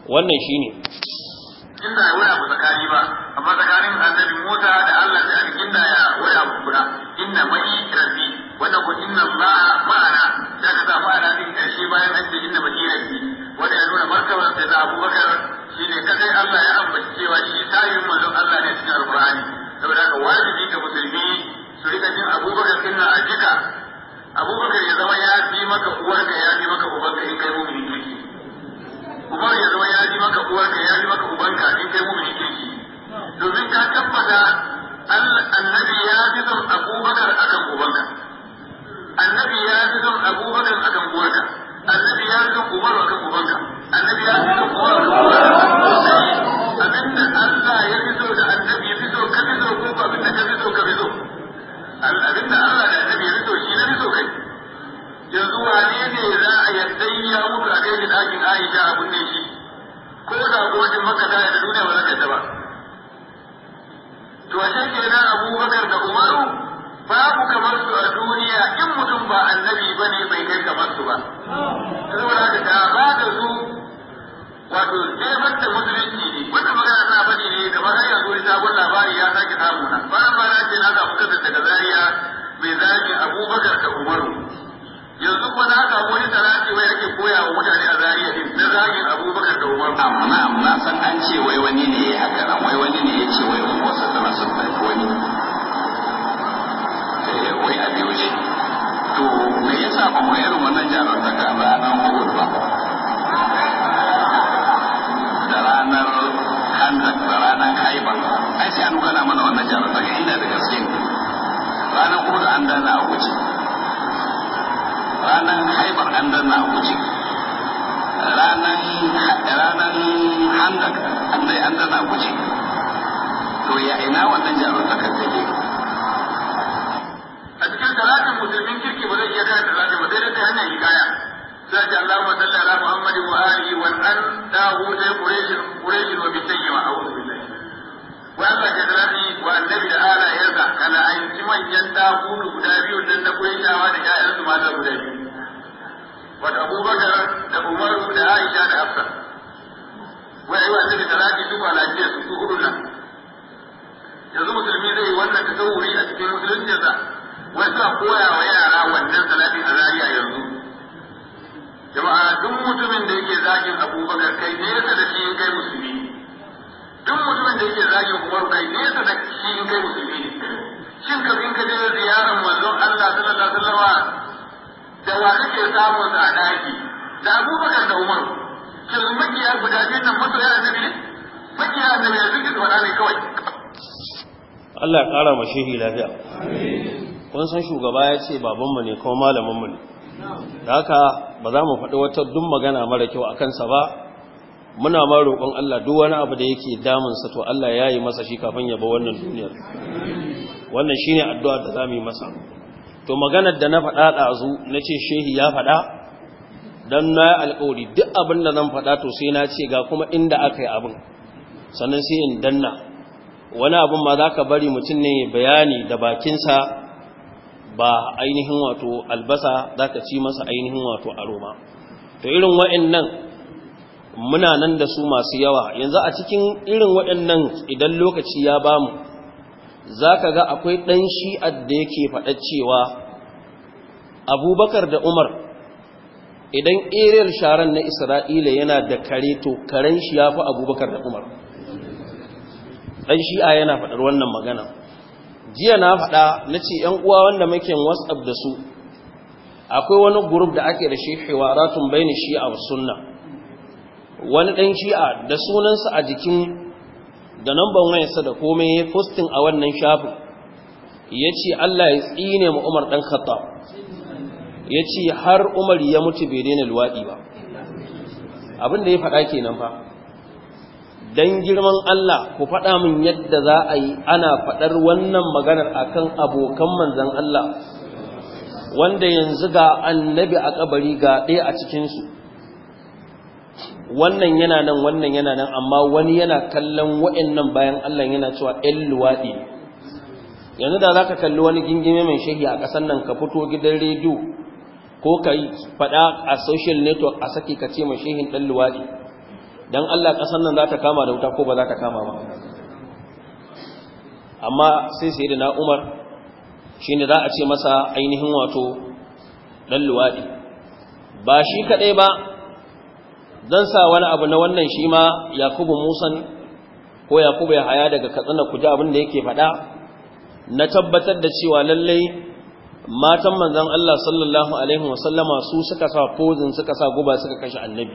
wannan shi ne inda ya wani ba tsakani ba amma tsakanin annabi mota da Allah ta alkinda ya wani abu guda inna mai rabbi wannan ko inna allaha fa'ala da ka sa fa'ala din karshe bayan an da inna bakirati wanda ya nuna martabar sai da abubakar shine sai Allah ya ambaci cewa shi tayin manzon Allah ne cikin alqur'ani saboda haka wajibi ga musulmi su rika jin abubakar inna ajika abubakar ya zama ya fi maka uwarka ya fi maka ubanka in kai mu'minin kirki umar ya zama ya fi maka uwarka ya fi maka ubanka in kai mu'minin kirki domin ka tabbata annabi ya fi son abubakar akan ubanka annabi ya fi son abubakar a kan uwarka annabi ya fi son umar kan ubanka annabi ya fi son umar akan uwarka abinda Allah ya fi so da annabi ya fi so ka fi so ko ba abinda ka fi so ka fi so abinda Allah da annabi ya fi so shi na fi so kai yanzu wane ne za a yarda ya mutu a kai da ɗakin Aisha a kunne shi ko da ko wajen maka da ya duniya ba za ka ba to a shi kenan Abubakar da Umaru babu kamar su a duniya in mutum ba annabi ba ne bai kai kamar su ba saboda da ta ba da su wato sai mata musulunci ne Wata magana na bane ne kamar har yanzu ta sabon labari ya sake samu na bayan ba na ce na samu kasa daga zariya mai zagi abubakar da umaru yanzu ko na aka wani tarafi wai ake koya wa mutane a zariya ne na zagin abubakar da umaru amma amma san an ce wai wani ne ya kuma ranar uhud ba da ranar handak da ranar ai sai an mana wannan da gaske ranar uhud an wuce ranar haibar an wuce ranar handak an wuce to ya ina wannan take wannan hikaya sai ta Allahumma salli ala Muhammad wa alihi wa an dahu da Quraysh quraish wa bi wa a'udhu billahi wa amma jadrabi wa annabi da ala yarda kana an ci manyan dahu guda biyu dan na quraishawa da ƴaƴan su mata guda biyu wa Bakar da Umar da Aisha da Hafsa wa ai wa annabi salati duk ala jiya su hudu nan yanzu musulmi zai yi wannan tasawuri a cikin musulunci da wai suna koya wa yara wannan salati a zariya yanzu jama'a duk mutumin da yake zagin abubakar kai nesa da shi kai musulmi duk mutumin da yake zagin umar kai nesa da shi kai musulmi shin ka in ka je ziyarar manzon Allah sallallahu alaihi wasallam da wa kake samun sa a daki da abubakar da umar shin makiya guda biyu nan masoya annabi ne makiya annabi ne suke tsora ne kawai Allah ya ƙara mashi lafiya. Amin. kun san shugaba ya ce babanmu ne kuma malaminmu ne da haka ba za mu faɗi wata dun magana mara kyau a kansa ba muna ma roƙon Allah duk wani abu da yake damunsa to Allah ya yi masa shi kafin ya ba wannan duniyar wannan shi ne addu'a da za mu yi masa to maganar da na faɗa ɗazu na ce shehi ya faɗa don na yi alƙawari duk abin da zan faɗa to sai na ce ga kuma inda aka yi abin sannan sai in danna wani abin ma za ka bari mutum ne bayani da bakinsa ba ainihin wato albasa za ka ci masa ainihin wato aroma to irin wa'annan muna nan da su masu yawa yanzu a cikin irin wa'annan idan lokaci ya bamu za ka ga akwai ɗan shi'ad da yake faɗa cewa abubakar da umar idan eriyar sharan na isra'ila yana da kare to karen shi ya fi abubakar da umar ɗan shi'a yana faɗar wannan magana jiya na faɗa na ce ‘yan uwa wanda muke whatsapp da su akwai wani gurub da ake da shi hiwaratun bayan shi'a wa sunna wani ɗan shi'a da sunansa a jikin da namban wayansa da komai ya fostin a wannan shafin ya ce Allah ya tsine ma umar ɗan khatta ya ce har umar ya mutu bai daina luwaɗi ba abin da ya faɗa kenan fa dan girman Allah ku faɗa min yadda za a yi ana faɗar wannan maganar akan abokan manzan Allah wanda yanzu ga annabi a kabari ga ɗaya a cikinsu wannan yana nan wannan yana nan amma wani yana kallon wa'annan bayan Allah yana cewa ‘yan luwaɗi yanzu da za ka kalli wani gingime mai shahi a ƙasar nan ka fito gidan rediyo ko ka yi faɗa a social network a saki ka ce mai shehin ɗan luwaɗi dan Allah kasan nan za ta kama da wuta ko ba za ta kama ba amma sai sai da na Umar shine za a ce masa ainihin wato dan luwadi ba shi kaɗai ba zan sa wani abu na wannan shi ma Yakubu Musa ko Yakubu ya haya daga katsina ku ji abin da yake faɗa na tabbatar da cewa lallai matan manzan Allah sallallahu Alaihi wasallama su suka sa fozin suka sa guba suka kashe annabi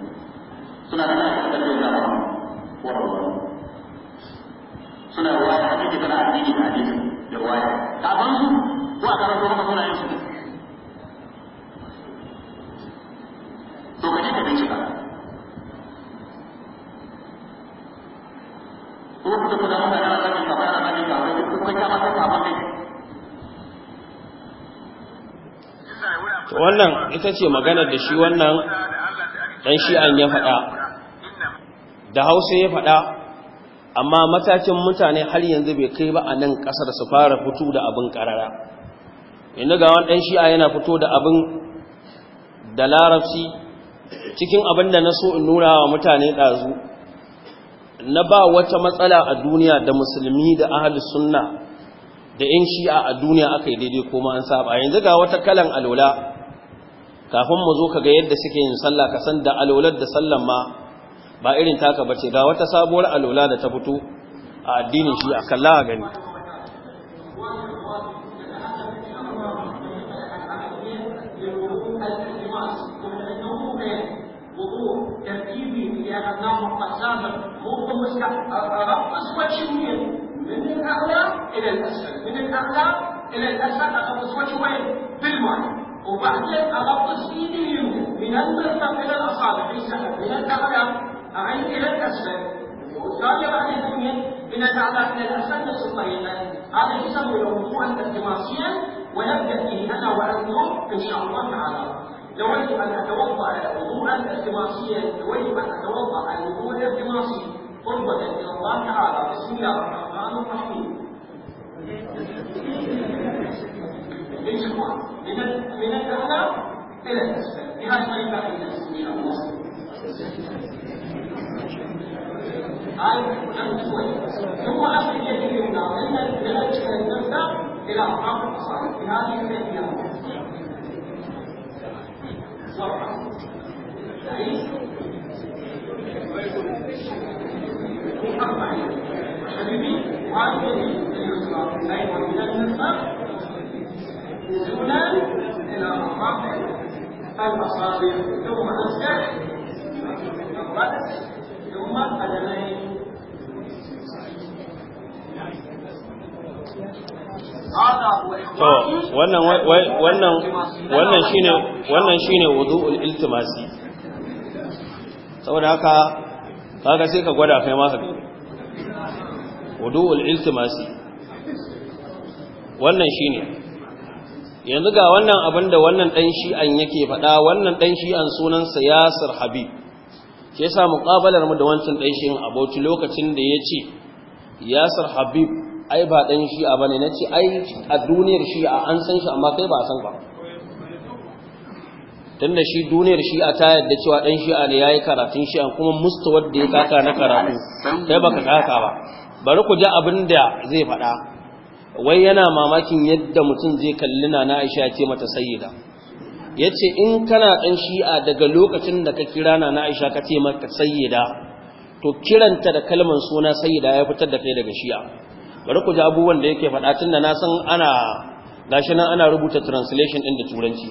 suna da nan da ke zama warwa suna da waya take tana addini da addini da waya ka ban su ko a karanto maka suna yin su to ka je ka bincika ko kuma ku da mutane ana sakin ka bayan ana sakin ka ko kai ka ma sai ka ban kai wannan ita ce maganar da shi wannan dan an ya faɗa da hausa ya faɗa amma matakin mutane har yanzu bai kai ba a nan ƙasar su fara fito da abin ƙarara inda ga wani ɗan shi'a yana fito da abin da larabci cikin abin da na so in nuna wa mutane ɗazu na ba wata matsala a duniya da musulmi da ahalus sunna da 'yan shi'a a duniya aka yi daidai koma an saba yanzu ga wata kalan alola kafin mu zo ka ga yadda suke yin sallah ka san da alolar da sallan ma ba irin taka bace ga wata sabuwar alula da ta fito a addinin shi a kalla a gani وبعدين أغطس إيدي من المرتب إلى الأصابع في سهل من الأعلى عن إلى الأسفل والتالي بعد الدنيا بنتعلق الى الأسفل نصف طريقا هذا يسمى له وقوعا ونبدأ فيه أنا وأنتم إن شاء الله تعالى نود أن أتوضأ وضوءا التماسيا نود أن أتوضأ الوضوء التماسي قربة إلى الله تعالى بسم الله الرحمن الرحيم من من الأعلى إلى الأسفل بهذه الطريقة إلى سبيل الله أن أن تولي ثم أخذ كثير من لأن النفس إلى أطراف التصرف في هذه الأيام حبيبي هذه اليسرى أيضا من النفس نزولا إلى أطراف الأصابع ثم نمسح الرأس ثم قدمي wannan wannan wannan shine wannan shine wudu'ul iltimasi saboda haka kaga sai ka gwada kai ma biyu, wudu wudu'ul iltimasi wannan shine yanzu ga wannan abin da wannan dan an yake faɗa wannan dan an sunansa Yasir Habib ke samu muqabalar mu da wancan dan shi aboci lokacin da yace Yasir Habib ai ba dan shi'a bane nace ai a duniyar shi a an san shi amma kai ba san ba tunda shi duniyar shi'a ta yadda cewa dan shi'a ne yayi karatun shi'a kuma mustawar da ya kaka na karatu kai baka kaka ba bari ku ji abin da zai faɗa wai yana mamakin yadda mutum zai kalli na Aisha ce mata sayyida yace in kana dan shi'a daga lokacin da ka kira na Aisha ka ce mata sayyida to kiranta da kalmar suna sayyida ya fitar da kai daga shi'a bari ku ji abubuwan da yake faɗa da na san ana gashi nan ana rubuta translation din da turanci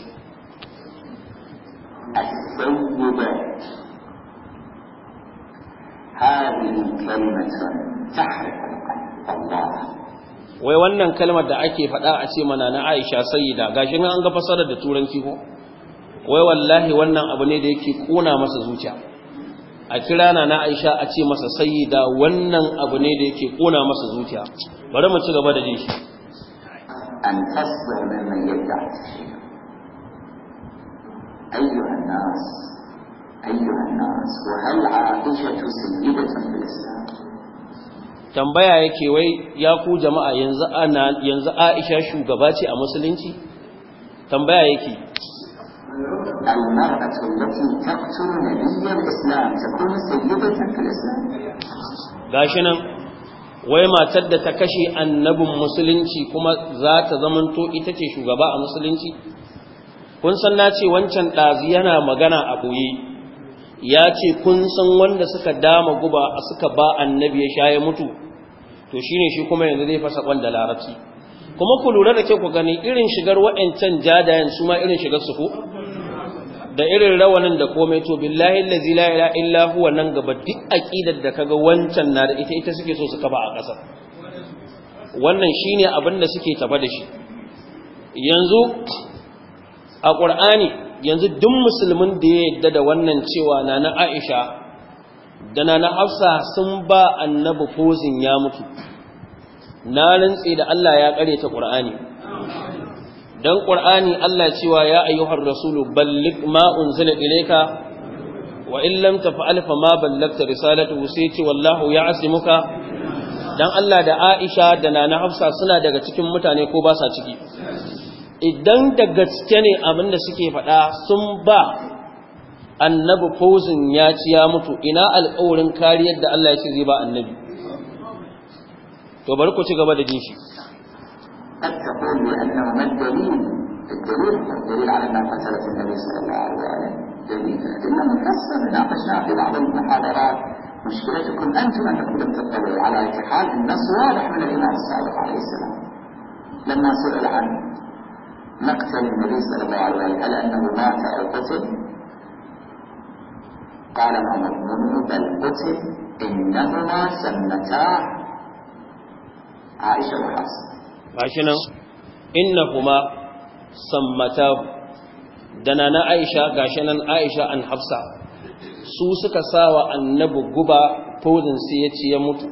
wai wannan kalmar da ake faɗa a ce mana na Aisha sayyida gashi an ga fasarar da turanci ko wai wallahi wannan abu ne da yake kona masa zuciya a kira na na aisha a ce masa sayyida wannan abu ne da yake kona masa zuciya bari mu ci gaba da jin shi an tasbir man yadda ayyuha nas ayyuha nas wa hal aisha sayyidatan bil islam tambaya yake wai ya ku jama'a yanzu ana yanzu aisha shugaba ce a musulunci tambaya yake المرأة التي تقتل نبي الإسلام تكون سيدة في الإسلام غاشنا wai matar da ta kashe annabin musulunci kuma za ta zamanto ita ce shugaba a musulunci kun san na ce wancan ɗazi yana magana a ɓoye ya ce kun san wanda suka dama guba suka ba annabi ya sha ya mutu to shine shi kuma yanzu zai fasa kwan da larabci kuma ku lura da kyau ku gani irin shigar wa'ancan jadayen su ma irin shigar su ko da irin rawanin da komai to billahi allazi la ilaha illa huwa nan gaba duk aqidar da kaga wancan na da ita ita suke so su kaba a ƙasar wannan shine abin da suke tafa da shi yanzu a qur'ani yanzu duk musulmin da ya yadda da wannan cewa nana Aisha da nana Hafsa sun ba annabi fozin ya mutu na rantsi da Allah ya kare ta qur'ani dan qur'ani Allah cewa ya ayyuhar rasulu balligh ma unzila ilayka wa in lam taf'al fa ma ballagta risalatu sai ce wallahu ya'simuka dan Allah da Aisha da Nana Hafsa suna daga cikin mutane ko ba sa ciki idan da gaske ne abin da suke faɗa sun ba annabi fauzin ya ci ya mutu ina alƙawarin kariyar da Allah ya ce zai ba annabi to bari ku ci gaba da jin shi قد تقول بأنه ما الدليل الدليل الدليل على ما قتلت النبي صلى الله عليه وسلم دليل إنما نفسر ناقشنا في بعض المحاضرات مشكلتكم أنتم أنكم لم تطلعوا على أي حال النص واضح من الإمام الصادق عليه السلام لما سئل عن مقتل النبي صلى الله عليه وسلم هل أنه مات أو قتل؟ قال ما مضمونه بل قتل إنهما سمتاه عائشة وحفصة gashi nan kuma sammata da na Aisha gashi nan Aisha an Hafsa su suka sawa annabi guba fodin sai ya ci ya mutu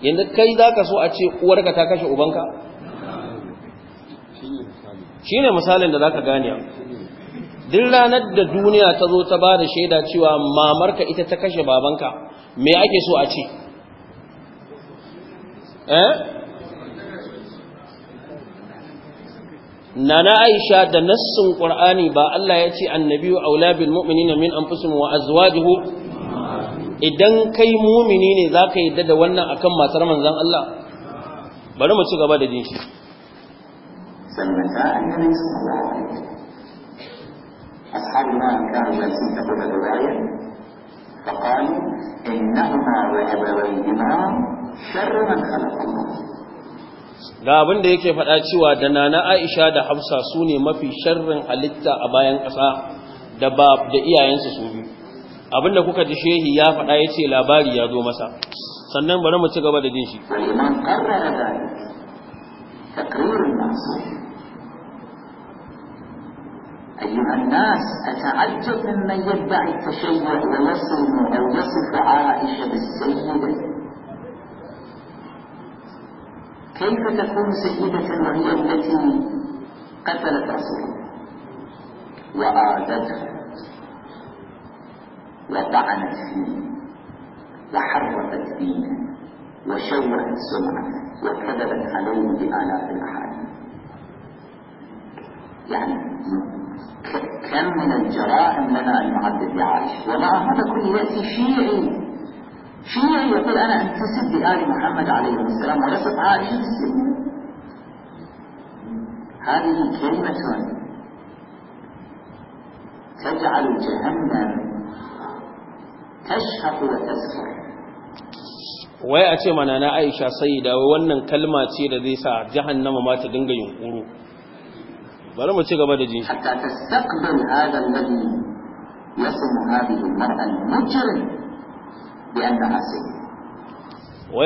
yanda kai zaka so a ce uwarka ta kashe ubanka shine misalin da zaka gane duk ranar da duniya ta zo ta ba da shaida cewa mamarka ita ta kashe babanka me ake so a ce eh nana aisha da nassin qur'ani ba Allah ya ce annabi wa aula bil mu'minina min anfusihim wa azwajihi idan kai mu'mini ne zaka yadda da wannan akan matar manzon Allah bari mu ci gaba da jin shi ta كانوا da تقول الرواية da ga abin da yake faɗa cewa da nana aisha da hafsa su ne mafi sharrin halitta a bayan ƙasa da ba da iyayensu su biyu abin da kuka ji shehi ya faɗa ya ce labari ya zo masa sannan bari mu ci gaba da jin shi أيها الناس أتعجب من يدعي التشيع ويصف أو يصف عائشة بالسيدة كيف تكون سيدة وهي التي قتلت رسول الله وآذته وطعنت فيه وحرفت دينه وشوهت سمعته وكذبت عليه بآلاف الأحاديث يعني كم من الجرائم لنا أن نعدد لعائشة ومع هذا كله يأتي شيعي شيعي يقول أنا أنتسب لآل محمد عليه السلام ولست عائشة الصديقة هذه كلمة تجعل جهنم تشهق وتسخر wai a ce mana na aisha sai da wannan kalma ce da zai sa jahannama ma ta dinga yunkuru bari mu ci gaba da jin shi hatta tasaqbal hadha alladhi yasmu hadhihi al-mar'a al-mujrim bi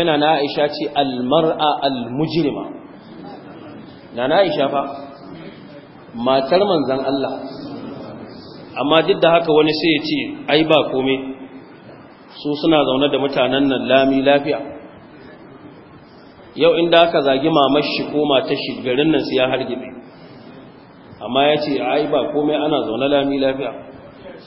da na Aisha ce almar'a almujrima na na Aisha fa matar manzan Allah amma duk da haka wani sai ya ce ai ba komai su suna zaune da mutanen nan lami lafiya yau inda aka zagi mamar shi ko matar shi garin nan su ya hargibe amma ya ce ai ba komai ana zaune lami lafiya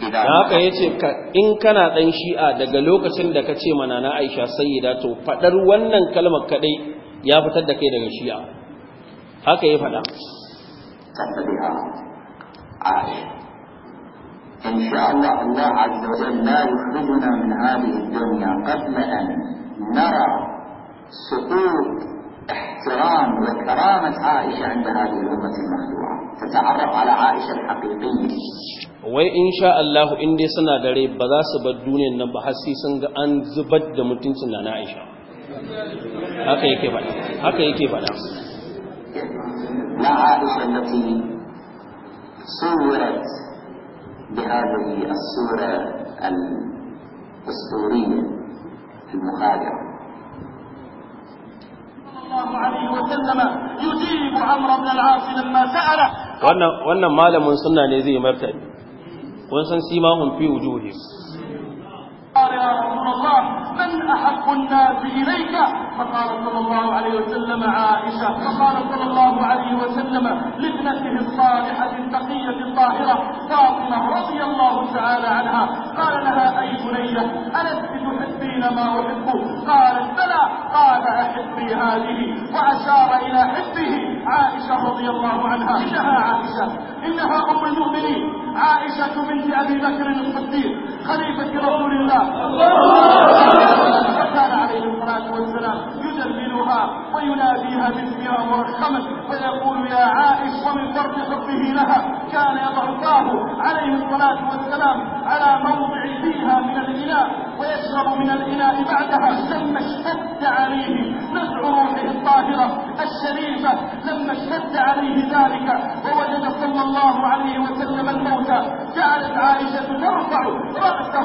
da haka ya ce in kana ɗan shi'a daga lokacin da ka ce mana na aisha sayyida to faɗar wannan kalmar kaɗai ya fitar da kai daga shi'a haka ya faɗa إن شاء الله الله عز وجل لا يخرجنا من هذه الدنيا قبل أن نرى سقوط احترام وكرامة عائشة عند هذه الأمة المخلوعة تتعرف على عائشة الحقيقية وإن شاء الله إن دي سنة داري بلاس بدوني نبحسي سنغ أن زبد دمتين سنة نائشة هكا يكي بنا هكا يكي بنا ما عائشة التي صورت بهذه الصورة الأسطورية المخالعة الله عليه وسلم يجيب عمرو بن العاص لما سأله wannan malamin sunna ne zai martani kun san simahum fi wujuhihim قال يا رسول الله من أحق الناس إليك فقال صلى الله عليه وسلم عائشة فقال صلى الله عليه وسلم لابنته الصالحة التقية الطاهرة فاطمة رضي الله تعالى عنها قال لها أي بنية ألست تحبين ما احبه قالت بلى قال أحبي هذه وأشار إلى حبه عائشة رضي الله عنها إنها عائشة إنها أم المؤمنين عائشة بنت أبي بكر الصديق خليفة رسول الله فكان عليه الصلاة والسلام يدللها ويناديها باسمها مرحمة فيقول يا عائش ومن فرط حبه لها كان يضع يضعه عليه الصلاة والسلام على موضع فيها من الإناء ويشرب من الإناء بعدها لما اشتد عليه نزع روحه الطاهرة الشريفة لما اشتد عليه ذلك ووجد صلى الله الله عليه وسلم الموتى جعلت عائشة ترفع رأسه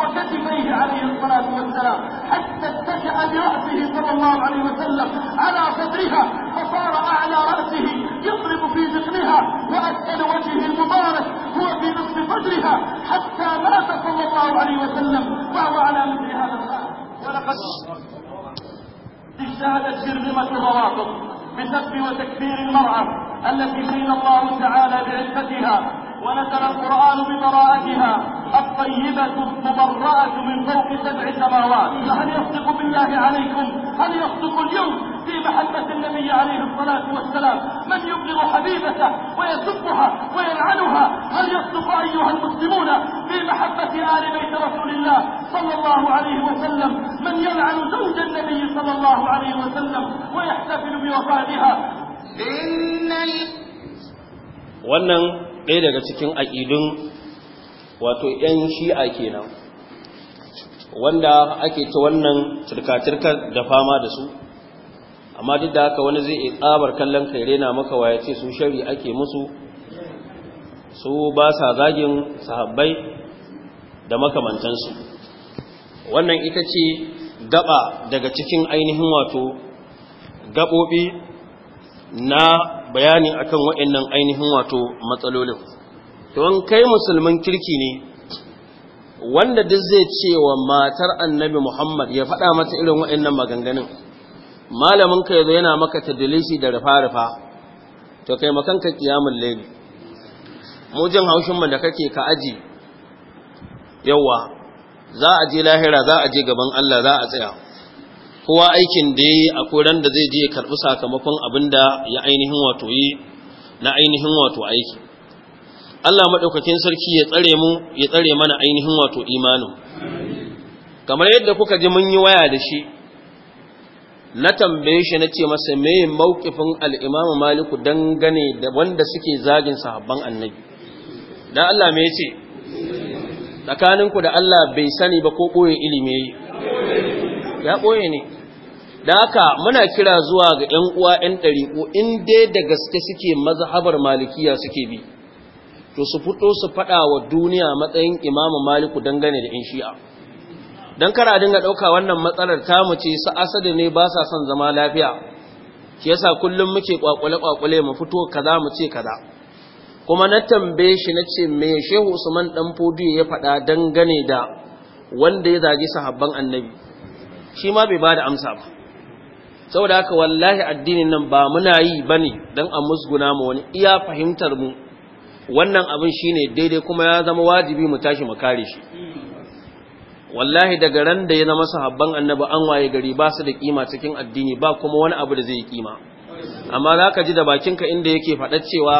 وكتفيه عليه الصلاة والسلام حتى اتكأ برأسه صلى الله عليه وسلم على صدرها فصار أعلى رأسه يضرب في ذقنها وأسأل وجهه المبارك هو في نصف صدرها حتى مات صلى الله عليه وسلم وهو على مثل هذا الحال ولقد اجتهدت جرذمة الروابط بسب وتكفير المرأة التي سن الله تعالى بعفتها ونزل القرآن ببراءتها الطيبة المبرأة من فوق سبع سماوات فهل يصدق بالله عليكم هل يصدق اليوم في محبة النبي عليه الصلاة والسلام من يبلغ ويسبها ويلعنها هل يصدق أيها المسلمون في محبة آل بيت رسول الله صلى الله عليه وسلم من يلعن زوج النبي صلى الله عليه وسلم ويحتفل بوفاتها إن wannan ɗaya daga cikin aƙidun wato ‘yan shi'a kenan wanda ake ta wannan turka-turka da fama da su amma duk da haka wani zai iya tsabar kallon kai rena maka waye ce su shari ake musu su ba sa zagin sahabbai da makamantansu wannan ita ce gaba daga cikin ainihin wato gabobi na bayani akan waɗannan ainihin wato matsalolin don kai musulmin kirki ne wanda duk zai cewa matar annabi muhammad ya faɗa mata irin waɗannan maganganun malamin ka yazo yana maka tadlisi da rufa-rufa to kai makanka kiyamul layli mujin haushin mu da kake ka aji yawa za a je lahira za a je gaban Allah za a tsaya kowa aikin da yayi a koran da zai je karbi sakamakon abinda ya ainihin wato yi na ainihin wato aiki Allah maɗaukakin sarki ya tsare mu ya tsare mana ainihin wato imanin kamar yadda kuka ji mun yi waya da shi na tambaye shi na ce masa mai mawqifin al maliku dangane da wanda suke zagin sahabban Annabi Da Allah mai ce. tsakaninku da Allah bai sani ba ko ɓoye ilimi ya ɓoye ne da haka muna kira zuwa ga 'yan uwa yan ɗariƙo in dai da gaske suke mazhabar malikiya suke bi to su fito su faɗa wa duniya matsayin Imam maliku dangane da in shi'a don kar a dinga ɗauka wannan matsalar ta mu ce su asali ne ba sa son zama lafiya shi yasa kullum muke kwakule-kwakule mu fito kaza mu ce kaza kuma na tambaye shi na ce me shehu usman dan fodiyo ya faɗa dangane da wanda ya zagi sahabban annabi shi ma bai ba da amsa ba saboda haka wallahi addinin nan ba muna yi bane dan a musguna mu wani iya fahimtar mu wannan abin shine daidai kuma ya zama wajibi mu tashi mu kare shi wallahi daga ran da ya zama sahabban annabi an waye gari ba su da kima cikin addini ba kuma wani abu da zai yi kima amma za ka ji da bakin bakinka inda yake faɗa cewa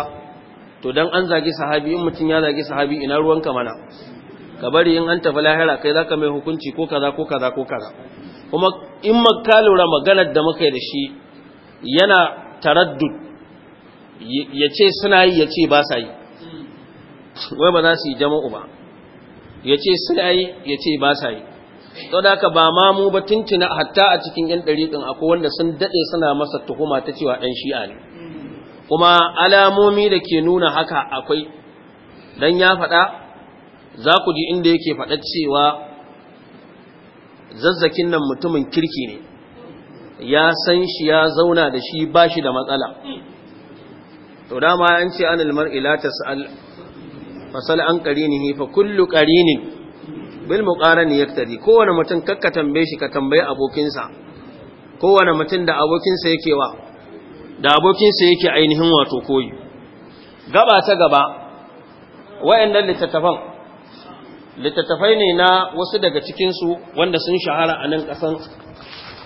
to dan an zagi sahabi in mutum ya zagi sahabi ina ruwanka mana ka bari in an tafi lahira kai za ka mai hukunci ko kaza ko kaza ko kaza kuma in ka lura maganar da muka yi da shi yana taraddud ya ce suna yi ya ce ba sa yi wai ba za su yi jama'u ba ya ce suna yi ya ce ba sa yi don da ba ma mu ba tuntuna hatta a cikin yan ɗariƙin akwai wanda sun daɗe suna masa tuhuma ta cewa ɗan shi'a ne kuma alamomi da ke nuna haka akwai dan ya faɗa za ku ji inda yake faɗa cewa zazzakin nan mutumin kirki ne ya san shi ya zauna da shi ba shi da matsala to dama an ce anil fasal an qarinihi fa kullu qarinin bil muqarani yaktadi kowane mutum kakka tambaye shi ka tambaye abokinsa kowane mutum da abokinsa yake wa da abokinsa yake ainihin wato koyi gaba ta gaba wayannan littattafan littattafai ne na wasu daga cikin su wanda sun shahara a nan kasan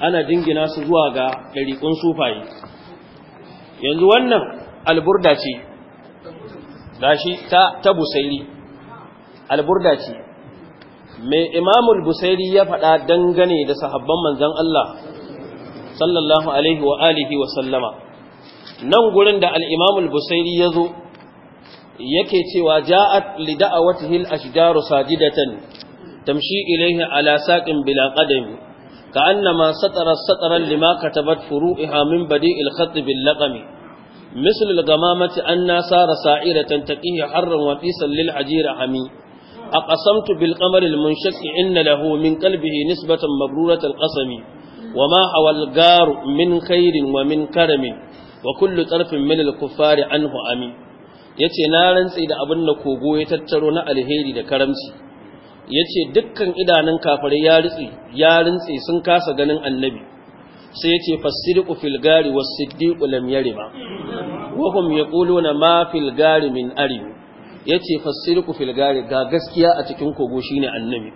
ana dingina su zuwa ga ɗariƙun sufaye yanzu wannan alburda ce gashi ta ta busairi alburda ce mai imamul busairi ya faɗa dangane da sahabban manzon Allah sallallahu alaihi wa alihi wa sallama nan gurin da al-imamul busairi zo yake cewa ja'at li da'awatihi al-ashjaru sajidatan tamshi ilaihi ala saƙin bila ka annama satarar satarar lima katabat furu'iha min badi'il khat bil laƙami." مثل الغمامة أن سار سائرة تقيه حرا وقيسا للعجير حمي أقسمت بالقمر المنشك إن له من قلبه نسبة مبرورة القسم وما حوى الغار من خير ومن كرم وكل طرف من الكفار عنه أمي yace na rantsi da abin da kogo ya tattaro na alheri da karamci yace dukkan idanun kafirai ya rutsi ya rantsi sun kasa ganin annabi sai ce, fasidiqu fil gari yare lam yarima ya hum na ma fil gari min ari yace fasiri fil gari ga gaskiya a cikin kogo ne annabi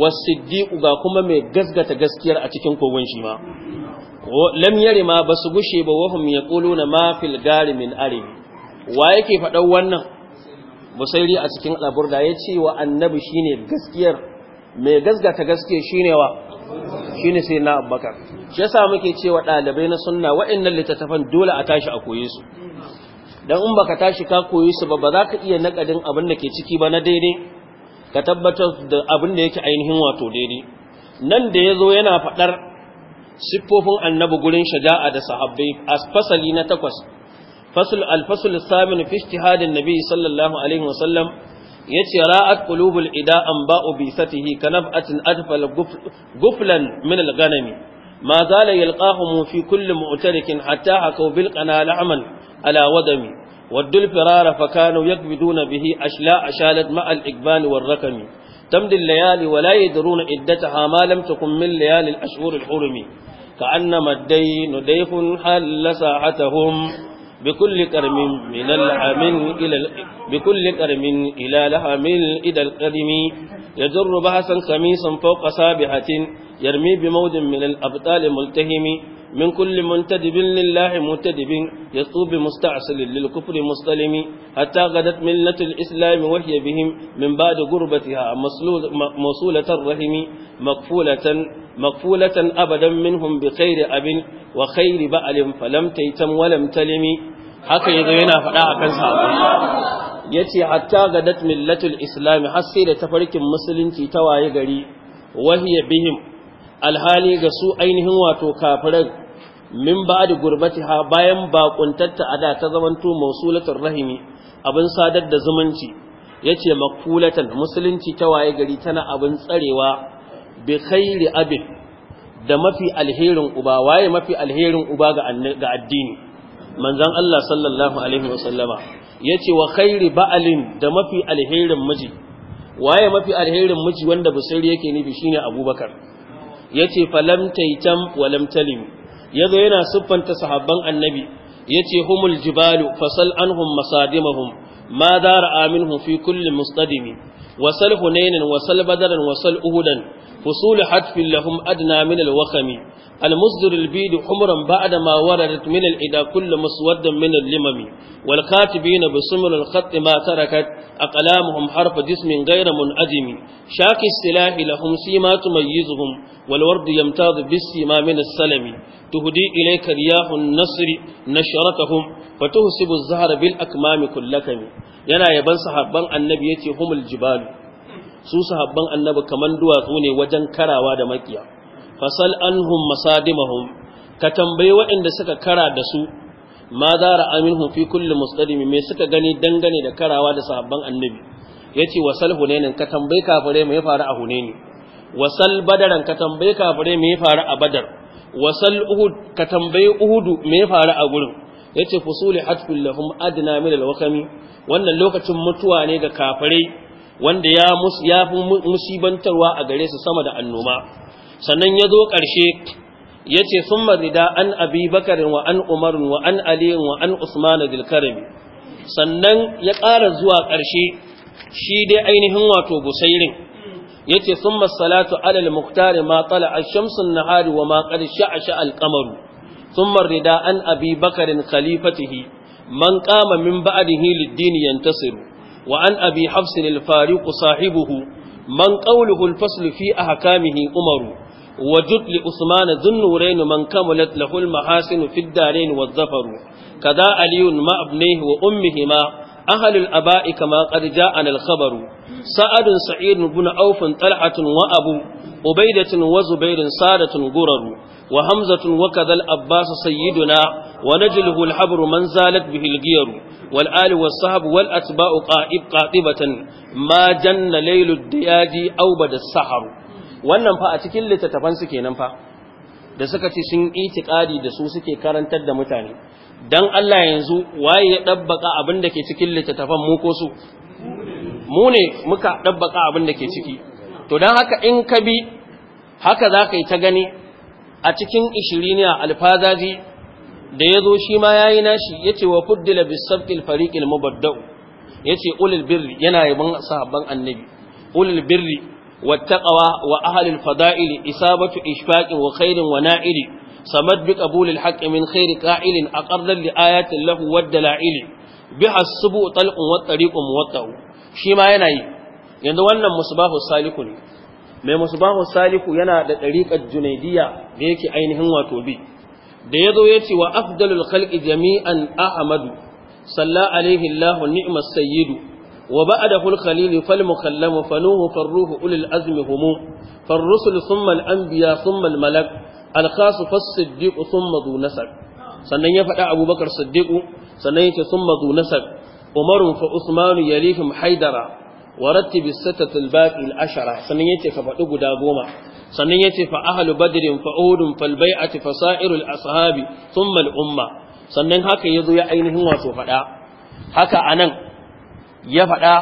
wasiddiqu ga kuma mai gasgata gaskiyar a cikin kogon shi ma lam ba su gushe ba ya hum na ma fil gari min ari wa yake faɗan wannan musairi a cikin ya ce wa annabi shine gaskiyar mai gasgata gaskiya shine wa ne sai na abubakar shi yasa muke cewa ɗalibai na sunna wa'annan littattafan dole a tashi a koye su dan in baka tashi ka koye su ba ba za ka iya naƙadin abin da ke ciki ba na daidai ka tabbatar da abin da yake ainihin wato daidai nan da ya zo yana faɗar siffofin annabi gurin shaja'a da sahabbai a fasali na takwas fasul al-fasul samin fi nabi sallallahu alaihi wasallam yace ra'at qulubul ida an ba'u bi satihi kanabatin adfal guflan min al Mazala ma zala yalqahu fi kulli mu'tarikin hatta hakaw bil qana la'man ala wadami waddu al-firara fa kanu yakbiduna bihi ashla ashalat ma al-ikban wal rakami تمضي الليالي ولا يدرون عدتها ما لم تكن من ليالي الأشهر الحرم كأنما الدين ديف حل ساعتهم بكل كرم من اللحم إلى بكل كرم إلى لحم إلى القدم يجر بحثا خميسا فوق سابحة يرمي بموج من الأبطال ملتهم من كل منتدب لله متدب يطوب مستعسل للكفر مستلم حتى غدت ملة الإسلام وهي بهم من بعد قربتها موصولة الرحم مقفولة مقفولة أبدا منهم بخير أب وخير بأل فلم تيتم ولم تلمي haka yazo yana faɗa a akan sabon yace hatta gadat millatul islam har sai da tafarkin musulunci ta waye gari wahiya bihim alhali ga su ainihin wato kafiran min ba'd ha, bayan bakuntatta da ta zamanto mausulatul rahimi abin sadar da zumunci yace makfulatan musulunci ta waye gari tana abin tsarewa bi khairi abin da mafi alherin uba waye mafi alherin uba ga addini manzon Allah sallallahu alaihi wasallama yace wa khairi ba'alin da mafi alherin miji waye mafi alherin miji wanda busiri yake nufi shine Abubakar yace falam taitam walam talim yazo yana siffanta sahabban annabi yace humul jibalu fasal anhum masadimahum ma dara aminhum fi kulli mustadimi wasal hunainin wasal badaran wasar uhudan فصول حتف لهم أدنى من الوخم المصدر البيد حمرا بعد ما وردت من الإدا كل مسود من اللمم والكاتبين بسمر الخط ما تركت أقلامهم حرف جسم غير منأدم شاك السلاح لهم سيما تميزهم والورد يمتاز بالسيما من السلم تهدي إليك رياح النصر نشرتهم فتهسب الزهر بالأكمام كلكم ينا يبن صحبا النبي يتي هم الجبال su sahabban annabi kaman duwatsu ne wajen karawa da makiya fasal anhum masadimahum ka tambayi waɗanda suka kara da su ma zara aminhum fi kulli mustalimi me suka gani dangane da karawa da sahabban annabi yace wasal hunainin ka tambayi kafare me ya faru a hunaini wasal badaran ka tambayi kafare me ya faru a badar wasal uhud ka tambayi uhudu me ya faru a gurin yace fusuli hatfil lahum adna min alwakami wannan lokacin mutuwa ne ga kafare wanda ya fi musibantarwa a gare su sama da annoma sannan ya zo ƙarshe ya ce sun marida an abi bakarin wa an umarin wa an aliyin wa an usmanu dilkarami sannan ya ƙara zuwa ƙarshe shi dai ainihin wato busairin ya ce sun masalatu alal muktari ma tsala a shamsun nahari wa ma ƙarshe a sha'al ƙamaru sun marida an abi bakarin khalifatihi man kama min ba'adihi liddini yantasiru وعن أبي حفص الفاروق صاحبه من قوله الفصل في أحكامه أمر وجد لأثمان ذو النورين من كملت له المحاسن في الدارين والظفر كذا علي مع ابنيه وأمهما ahlul aba'i kama qad ja'ana al-khabaru sa'adun sa'id ibn auf wa abu ubaidatun wa zubairun sadatun guraru wa hamzatun wa kadhal abbas sayyiduna wa najluhu al-habru man zalat bihi al-ghiyaru wal ali was sahab wal atba'u qa'ib qatibatan ma janna laylud diyaji aw wannan fa a cikin littattafan su kenan fa da suka ce sun itiqadi da su suke karantar da mutane dan Allah yanzu waye ya dabbaka abin da ke cikin littattafan mu ko su mu ne muka dabbaka abin da ke ciki to dan haka in ka bi haka za ka yi ta gani a cikin ishiriniya alfazazi da ya zo shi ma yayi nashi ya ce wa fuddila bisabkil fariƙil mubaddau ya ce ulil birri yana yaban sahabban annabi ulil birri wattaqawa wa ahlil fada'ili isabatu ishfaqin wa khairin wa na'ili samad bi qabulil haqqi min khairi qa'ilin aqarra li ayatin lahu wad dalaili biha subu talqun wat tariqu muwatta'u shi ma yana yi yanzu wannan musbahu saliku ne mai musbahu saliku yana da tariqat junaidiya? da yake ainihin wato bi da yazo yace wa afdalul khalqi jami'an ahmadu salla alaihi allah ni'mas sayyidu وبعده الخليل فالمخلم فنوه فالروح أولي azmi humu فالرسل ثم الأنبياء ثم الملك alkhasu fasiddiqu thumma du nasab sannan ya faɗa abubakar siddiqu sannan yake thumma du nasab umaru fa usmanu yalifum haidara wa rattib as-sittata al-baqi al-ashara sannan yace fa faɗi guda goma sannan yace fa ahlu badrin fa udum fal bai'ati fa sa'iru al-ashabi thumma umma sannan haka yazo ya ainihin wato faɗa haka anan ya faɗa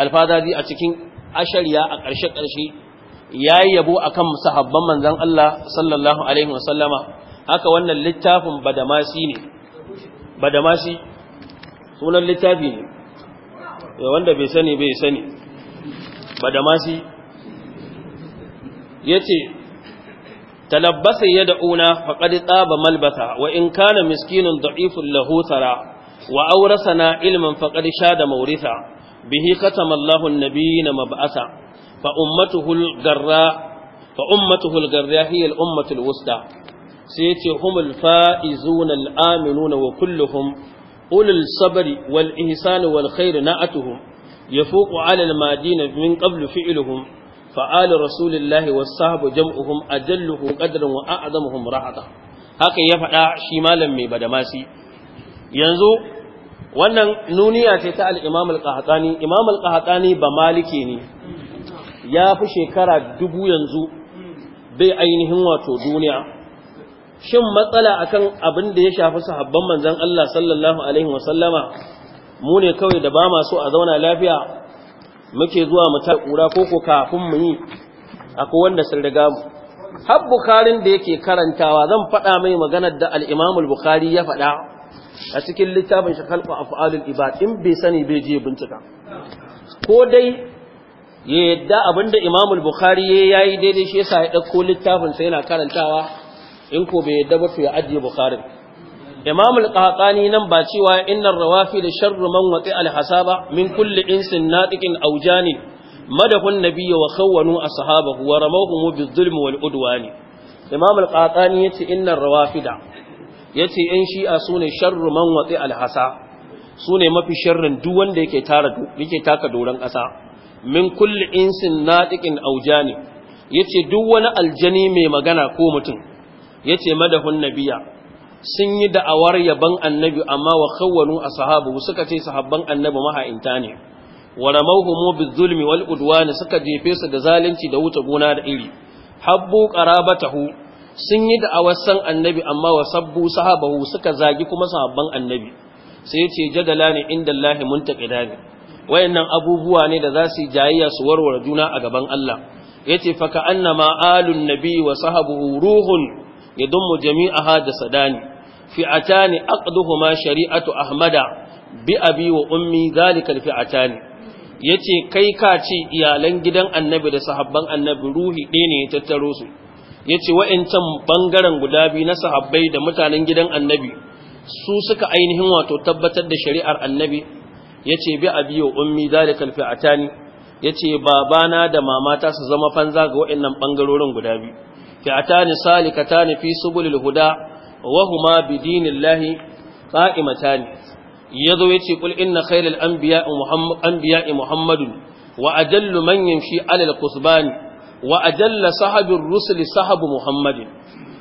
alfazazi a cikin ashariya a ƙarshe karshe ya yi yabo a kan sahabban manzan Allah sallallahu Alaihi wasallama haka wannan littafin badamasi ne badamasi sunan littafi ne eh, wanda bai sani bai sani badamasi ya ce talabbasa ya da'una faƙaɗi tsaba malbata wa in kana miskinin da'ifin lahutara wa aurasana ilmin faƙaɗi sha da maurisa bihi katamallahu na mab'asa fa ummatuhul garra fa ummatuhul garra hiya al-ummatul wusta sai yace humul faizuna al-aminuna wa kulluhum ulul sabri wal ihsani wal khair na'atuhum yafuqu 'ala al-madina min qablu fi'luhum فآل رسول الله والصحب جمعهم أجله قدرا وأعظمهم راحة haka ya faɗa shi malam mai badamasi yanzu wannan nuniya ce ta al-Imam al-Qahtani Imam al qahtani imam al ba maliki ne ya fi shekara dubu yanzu bai ainihin wato duniya shin matsala akan abin da ya shafi sahabban manzan Allah sallallahu alaihi wasallama mu ne kawai da ba ma so a zauna lafiya muke zuwa mu ta kura koko kafin mu yi akwai wanda sun riga mu har bukarin da yake karantawa zan faɗa mai maganar da al bukari ya faɗa a cikin littafin shakalfa a af'alul ibad in bai sani bai je bincika ko dai ya yadda abinda Imam Bukhari ya yayi daidai shi yasa ya dauko littafin sai yana karantawa in ko bai yadda ba to ya ajiye Bukhari Imam al-Qahtani nan ba cewa innar rawafi da sharru man waqi al-hasaba min kulli insin natiqin aw janin madahun nabiyyi wa khawwanu ashabahu wa ramawhum bil-zulmi wal-udwani Imam al-Qahtani yace innar rawafida yace in shi a sune sharru man al-hasa sune mafi sharrin duk wanda yake tara yake taka doran ƙasa min kulli insin naɗiƙin aujani yace duk wani aljani mai magana ko mutum yace madahun nabiya sun yi da'awar yaban annabi amma wa khawwanu ashabu suka ce sahabban annabi maha'inta ne wa ramawhum bizulmi wal udwani suka jefe su da zalunci da wuta gona da iri habbu qarabatahu sun yi da'awar san annabi amma wa sabbu sahabahu suka zagi kuma sahabban annabi sai yace jadala ne inda Allah muntaqida wayannan abubuwa ne da za su jayayya su warware juna a gaban Allah yace fa ka annama alun nabi wa sahabu ruhun yadummu jami'a hada sadani fi'atani aqduhuma shari'atu ahmada bi abi wa ummi zalika atani yace kai ka ce iyalan gidan annabi da sahabban annabi ruhi ɗaya ne ya tattaro su yace wa'ancan bangaren guda biyu na sahabbai da mutanen gidan annabi su suka ainihin wato tabbatar da shari'ar annabi yace bi a biyo ummi zalikal fi'atani yace babana da mamata su zama fanza ga waɗannan bangarorin guda biyu fi'atani salikatani fi subulil huda wa huma bi dinillahi qa'imatani yazo yace kul inna khayral anbiya'i muhammad anbiya'i muhammadun wa ajallu man yamshi 'ala al wa ajalla sahabir rusuli sahabu muhammadin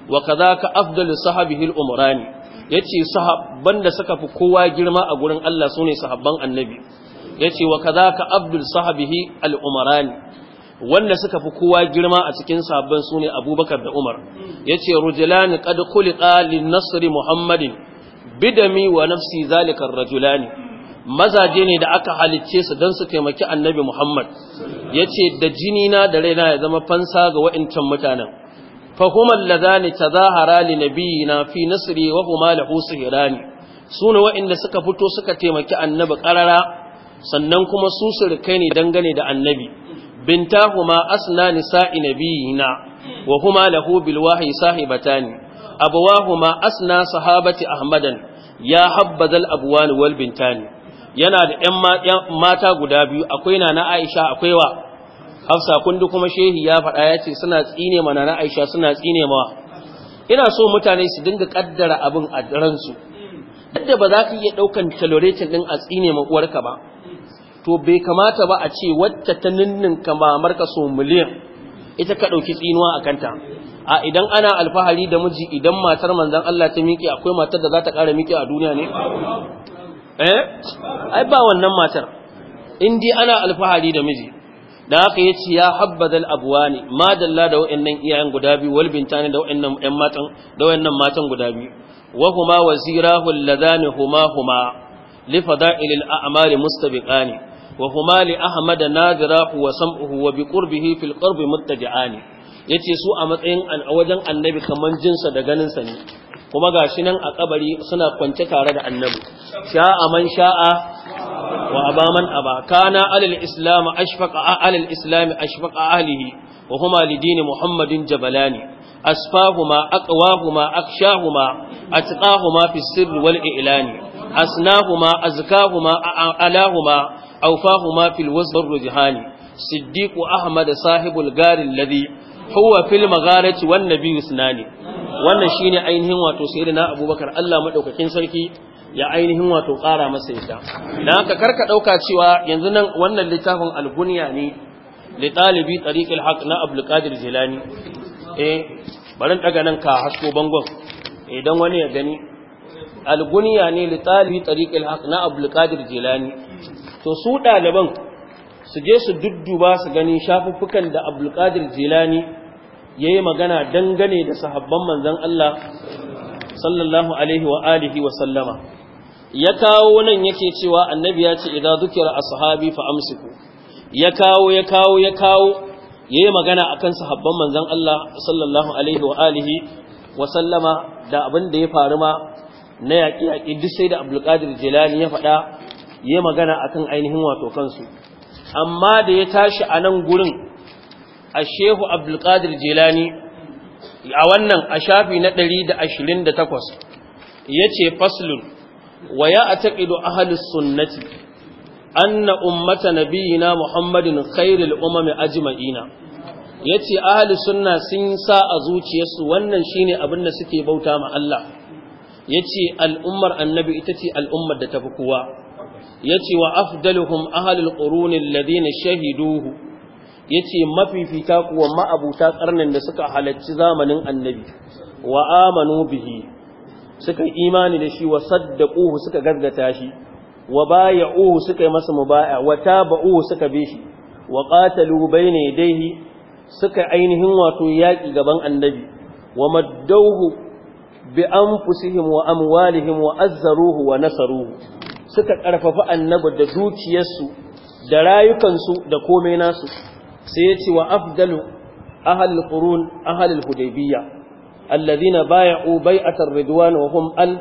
wa kadhaka afdalu sahabihi al-umrani ya ce sahabban da suka fi kowa girma a gurin Allah su ne sahabban annabi ya ce wa kaza ka abdul sahabihi al'umarani wanda suka fi kowa girma a cikin sahabban su ne abubakar da umar ya ce rujulani kad kulika lin nasri muhammadin bidami wa nafsi zalikar rajulani mazaje ne da aka halicce su don su taimaki annabi muhammad ya ce da na da raina ya zama fansa ga wa'incan mutanen فهما اللذان تظاهرا لنبينا في نصره وهما له سهران sune waɗanda suka fito suka taimaki annabi ƙarara sannan kuma su surkai ne dangane da annabi bintahuma asna nisa'i nabiyina wa huma lahu bil wahyi sahibatani abawahuma asna sahabati ahmadan ya habbadal abwan wal bintani yana da 'yan mata guda biyu akwai na na Aisha akwai wa hafsa kun kuma shehi ya faɗa ya ce suna tsine mana na aisha suna tsine mawa ina so mutane su dinga ƙaddara abin a ransu yadda ba za ka iya ɗaukan tolerating ɗin a tsine ma uwarka ba to bai kamata ba a ce wacce ta ninnin ka mamarka so miliyan ita ka ɗauki tsinuwa a kanta a idan ana alfahari da miji idan matar manzan Allah ta miƙe akwai matar da za ta ƙara miƙe a duniya ne? eh? ai ba wannan matar in dai ana alfahari da miji da haka ya ce ya abuwa ne madalla da wa'annan iyayen guda biyu Walbinta ne da wa'annan matan da wa'annan guda biyu wa huma wazirahu alladhani huma huma li fada'il al'amali mustabiqani wa huma li ahmad nadirahu wa sam'uhu wa bi qurbihi fil qurb yace su a matsayin wajen annabi kaman jinsa da ganinsa ne kuma ga shi nan a kabari suna kwance tare da annabi sha'a man sha'a wa abaman aba kana alal islam ashfaqa alal islam ashfaqa ahlihi wa huma lidini muhammadin jabalani asfahuma aqwahuma akshahuma atqahuma fi sirri wal i'lani asnahuma azkahuma alahuma awfahuma fil wazn rujhani صديق Ahmad صاحب الغار الذي هو في المغارة والنبي سناني wannan shine ainihin wato sayyidina abubakar Allah madaukakin sarki ya ainihin wato ƙara masa ita dan haka karka ɗauka cewa yanzu nan wannan littafin algunya ne li talibi tariqil haq na abdul qadir jilani eh barin daga nan ka hasko bangon idan eh, wani ya gani algunya ne li talibi tariqil haq na abdul qadir jilani to su ɗaliban su je su dudduba su gani shafuffukan da abdul qadir jilani yayi magana dangane da sahabban manzon Allah sallallahu alaihi wa alihi wa sallama ya kawo nan yake cewa annabi ya ce idan zukira ashabi fa amsiku ya kawo ya kawo ya kawo yayi magana akan sahabban manzon Allah sallallahu alaihi wa alihi wa sallama da abin da ya faru ma na yaki yaki duk sai da Abdul Qadir Jilani ya faɗa yayi magana akan ainihin wato kansu amma da ya tashi a nan gurin a Shehu Abdul Qadir Jilani a wannan a shafi na 128 yace faslun wa ya taƙidu ahlus sunnati anna ummata nabiyina muhammadin khairul umami ajma'ina yace ahlus sunna sun sa a zuciyarsu wannan shine abin da suke bauta ma Allah yace al'ummar annabi ita ce al'ummar da tafi Ya yace wa afdaluhum ahlul quruni alladhina shahiduhu ce mafifita kuwa ma'abuta karnin da suka halarci zamanin annabi wa amanu bihi suka yi imani da shi wa saddaquhu suka gaggata shi wa baya'uhu suka yi masa mubaya wa taba'uhu suka bi shi wa qatalu bayna yadayhi suka ainihin wato yaki gaban annabi wa maddauhu bi anfusihim wa amwalihim wa azzaruhu wa nasaruhu suka karfafa annabi da dukiyarsu, da rayukansu da komai nasu sai ya ce wa afdalu ahal qurun ahal hudaybiyya الذين بايعوا بيعة الرضوان وهم أل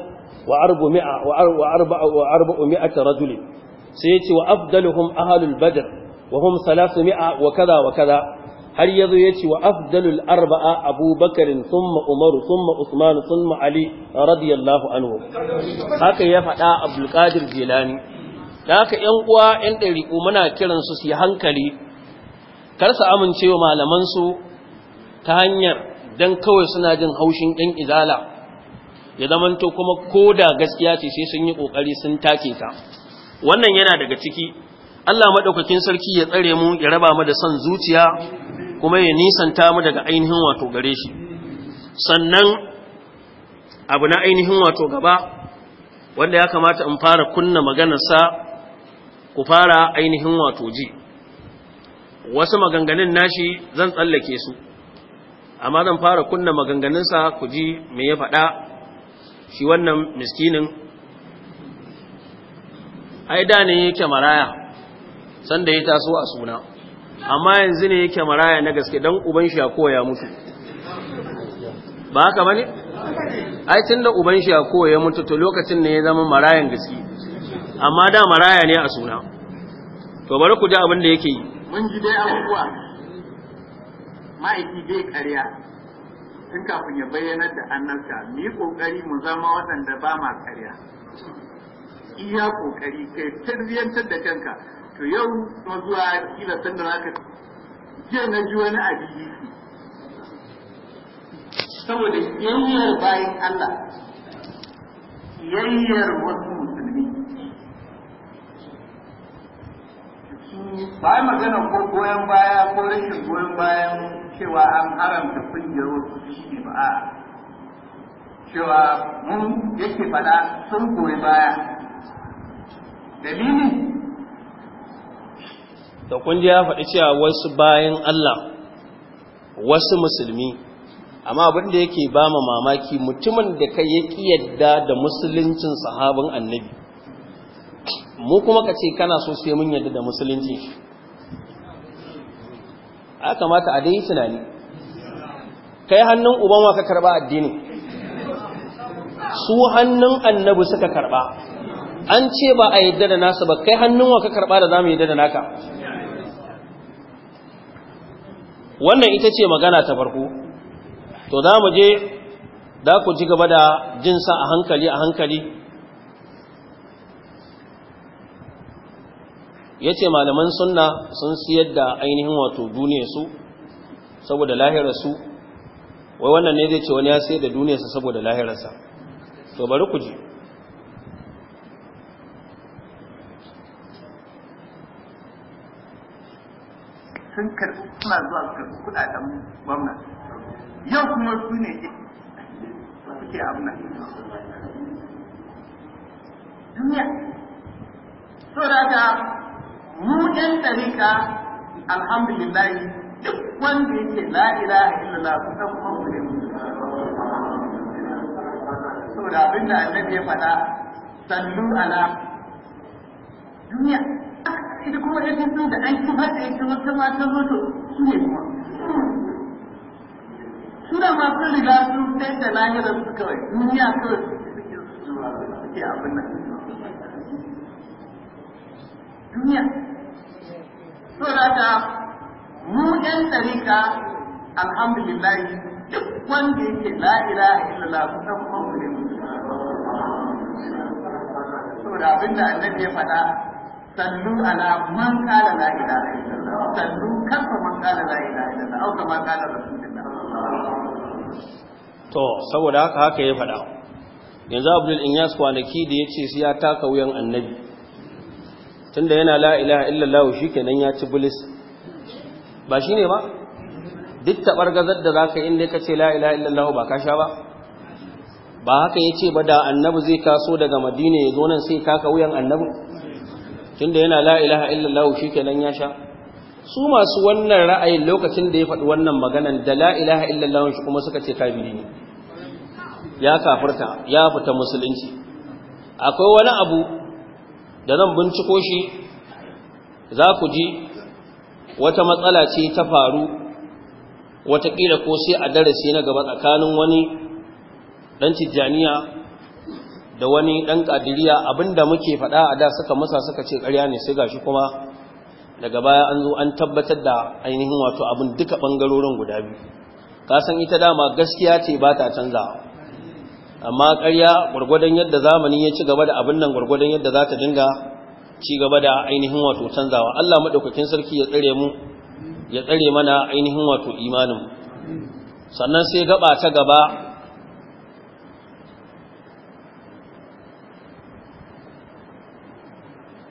وأربعمائة وأربع وأربعمائة رجل سيأتي وأفضلهم أهل البدر وهم ثلاثمائة وكذا وكذا هل يذو يأتي وأفضل الأربعة أبو بكر ثم أمر ثم عثمان ثم علي رضي الله عنهم هكا يفعل عبد القادر جيلاني لك ينقوى أن تريقوا منا كلا سسي هنكلي kar su amince wa malamansu ta hanyar dan kawai suna jin haushin ɗin izala ya zamanto kuma ko da gaskiya ce sai sun yi ƙoƙari sun take ta wannan yana daga ciki Allah maɗaukakin sarki ya tsare mu ya raba mu da son zuciya kuma ya nisanta mu daga ainihin wato gare shi sannan abu na ainihin wato gaba wanda ya kamata in fara kunna maganarsa ku fara ainihin wato ji wasu maganganun nashi zan tsallake su amma zan fara kunna maganganunsa ku ji me ya faɗa shi wannan miskinin ai da ne yake maraya sanda ya taso a suna amma yanzu ne yake maraya na gaske dan uban shi ya mutu ba haka bane ai tun da uban shi ya koya mutu to lokacin ne ya zama marayan gaske amma da maraya ne a suna to bari ku ji abin da yake yi mun ji dai abubuwa ma'aiki bai karya tun kafin ya bayyanar da annarsa, mu yi kokari mu zama waɗanda ba ma karya iya kokari kai tarbiyyantar da kanka to yau kuma zuwa kila sanda zaka jiya na ji wani abin saboda yayyar bayan Allah yayyar wasu musulmi ba magana ko goyon baya ko rashin goyon bayan cewa an haramta kungiyar wasu shi ne ba a cewa mun yake faɗa sun goyi baya dalili da kungiya ya faɗi cewa wasu bayan Allah wasu musulmi amma abin da yake ba mu mamaki mutumin da kai ya yadda da musuluncin sahabin annabi mu kuma ka ce kana so sai mun yadda da musulunci aka kamata a dai tunani kai hannun uban wa ka karba addini su hannun annabi suka karba an ce ba a yadda da nasu ba kai hannun wa ka karba da zamu yadda da naka wannan ita ce magana ta farko to za mu je da ku ji gaba da jinsa a hankali a hankali Ya ce malaman sunna sun siyar da ainihin wato duniyarsu saboda lahirarsu, wai wannan ne zai ce wani ya siyar da duniyarsa saboda lahirarsa to bari ku ji sun karɓi suna zuwa su kudaden gwamnati yau kuma su ne suke abin nan duniya so da mu ɗan ɗarika alhamdulillah duk wanda yake la ilaha illallah kusan mawuri saboda abin da annabi ya faɗa sallu ala duniya ita kuma ɗan sun da an kuma da ita wata mata zoto su ne kuma suna da masu riga sun sai da lahirar su kawai duniya kawai suke abin nan duniya to da ta mu yan ɗarika alhamdulillah duk wanda yake la ilaha illallah san ku ne abin abinda annabi ya faɗa sallu ala man kala la ilaha illallah sallu kafa man kala la ilaha illallah au man kala rasulullah to saboda haka haka ya faɗa yanzu abdul inyas kwanaki da ya ce sai ya taka wuyan annabi tunda yana la shi ke nan ya ci bulis ba shi ne ba duk taɓar gazar da za zaka inda ka ce la’ila illallahu illallah ba ka sha ba ba haka ya ce ba da annabu zai kaso daga madina ya zo nan sai ka wuyan tun tunda yana la shi ke nan ya sha su masu wannan ra'ayin lokacin da ya faɗi wannan maganan da la’ila illallahu illallah shi kuma suka ce kafiri ne ya kafirta ya fita musulunci akwai wani abu da zan binciko shi za ku ji wata matsala ce ta faru watakila ko sai a darasi na gaba tsakanin wani ɗan tijjaniya da wani ɗan ƙadiriya abinda muke faɗa a da suka masa suka ce ƙarya ne sai gashi kuma daga baya an zo an tabbatar da ainihin wato abin duka bangarorin guda biyu kasan ita dama gaskiya ce ba ta canzawa amma ƙarya gwargwadon yadda zamani ya ci gaba da abin nan gwargwadon yadda za ta dinga ci gaba da ainihin wato canzawa Allah maɗaukakin sarki ya tsare mu ya tsare mana ainihin wato imanin sannan sai gaba ta gaba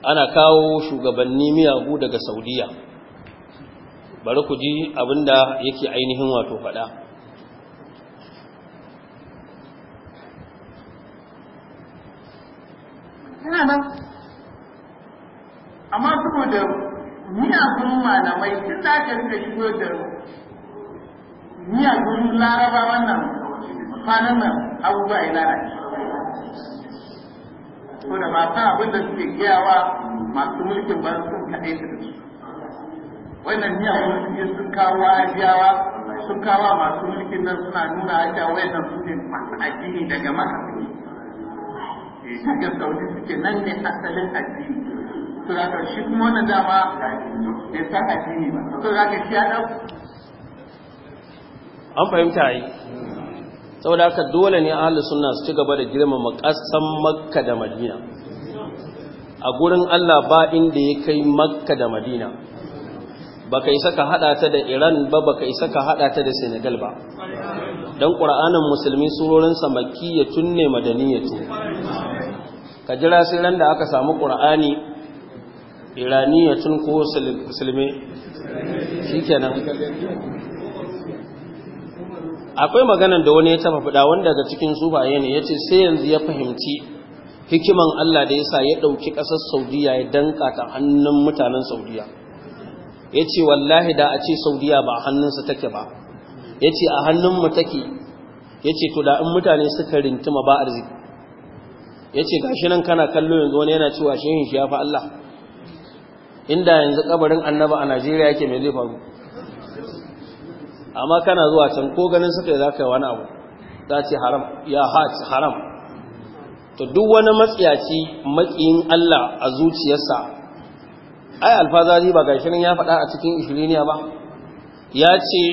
ana kawo shugabanni miyagu daga saudiya bari ku ji abin da yake ainihin wato faɗa yana nan amma saboda miyagun malamai tun da aka rika shigo da miyagun laraba wannan kwanan nan abubuwa ya lalace ko da masu abin da suke giyawa masu mulkin ba sun kaɗai su da su wannan miyagun suke sun kawo ajiyawa sun kawo masu mulkin nan suna nuna ajiyawa wayannan su ne masu addini daga maka da sauri suke nan ne asalin addini to za ka shi kuma wani dama ya sa addini ba to za ka shi ya ɗau an fahimta yi saboda haka dole ne ahli sunna su ci gaba da girmama ƙasan makka da madina a gurin allah ba inda ya kai makka da madina ba ka isa ka haɗa ta da iran ba ba ka isa ka haɗa ta da senegal ba don ƙura'anin musulmi surorinsa tun ne madaniyyatu ka jira sai ran da aka samu qur'ani, iraniya tun ko musulmi shi akwai maganar da wani ya taba fada wanda daga cikin sufaye ne ya ce sai yanzu ya fahimci hikiman Allah da yasa ya ɗauki kasar saudiya ya danka ta hannun mutanen saudiya ya wallahi da a ce saudiya ba sa take ba ya ce a hannunmu take ya to da in mutane suka rintima ba arziki ya ce gashi nan kana kallo yanzu wani yana cewa shi shi shafa Allah inda yanzu kabarin annaba a Najeriya yake mai zai faru amma kana zuwa can ko ganin suka yi zaka wani abu za ce haram ya hajji haram to duk wani matsiyaci makiyin Allah a zuciyarsa ai alfazari ba gashi nan ya faɗa a cikin ishiriniya ba ya ce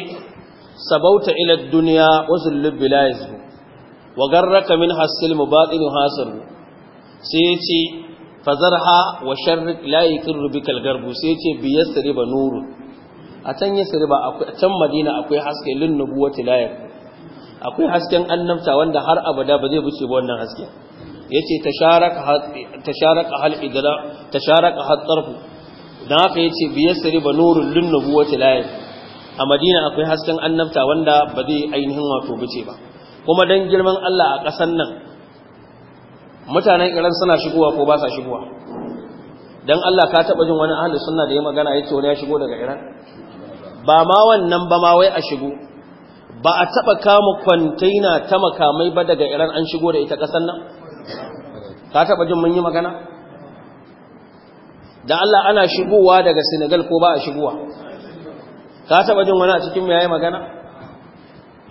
sabauta ila duniya wasu zuwa wa garraka min hasil mubatin hasir sai ya ce fazarha wa sharrik layi yakirru rubi garbu sai ya ce bi yasri ba nuru a can yasri ba a can madina akwai haske lin wata layar. akwai hasken annabta wanda har abada ba zai buce ba wannan hasken yace tasharaka hal idra tasharaka hal tarfu dan haka ya ce bi yasri ba nurul lin wata layar. a madina akwai hasken annabta wanda ba zai ainihin wato buce ba kuma don girman Allah a ƙasan nan mutanen iran suna shigowa ko ba sa shigowa don Allah ka taɓa jin wani ahalin suna da ya magana ya ce wani ya shigo daga iran ba ma wannan ba ma wai a shigo ba a taɓa kama kwantaina ta makamai ba daga iran an shigo da ita ƙasan nan ka taɓa jin mun yi magana da Allah ana shigowa daga senegal ko ba a shigowa ka taɓa jin wani a cikin yi magana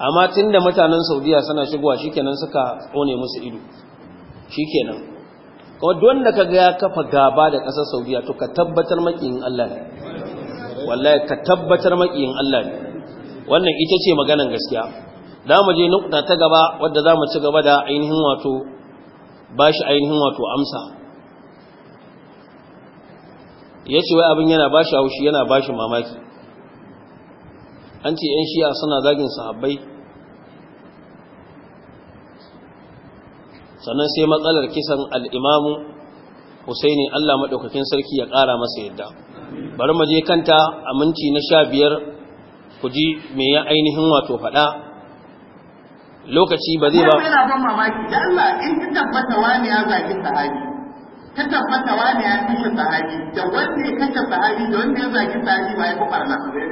amma tun da mutanen saudiya suna shigowa shikenan suka tsone musu ido shikenan kuma don da kaga ya kafa gaba da ƙasar saudiya to ka tabbatar makiyin Allah ne wallahi ka tabbatar makiyin Allah ne wannan ita ce maganan gaskiya Za mu je nukta ta gaba wadda za mu ci gaba da ainihin wato ba shi ainihin wato amsa ya ce wai abin yana ba shi haushi yana ba shi mamaki an ce 'yan shi'a suna zagin sahabbai sannan sai matsalar kisan al'imamu husaini allah maɗaukakin sarki ya ƙara masa yadda bari mu je kanta a minti na sha biyar ku ji me ya ainihin wato faɗa lokaci ba zai ba wanda ya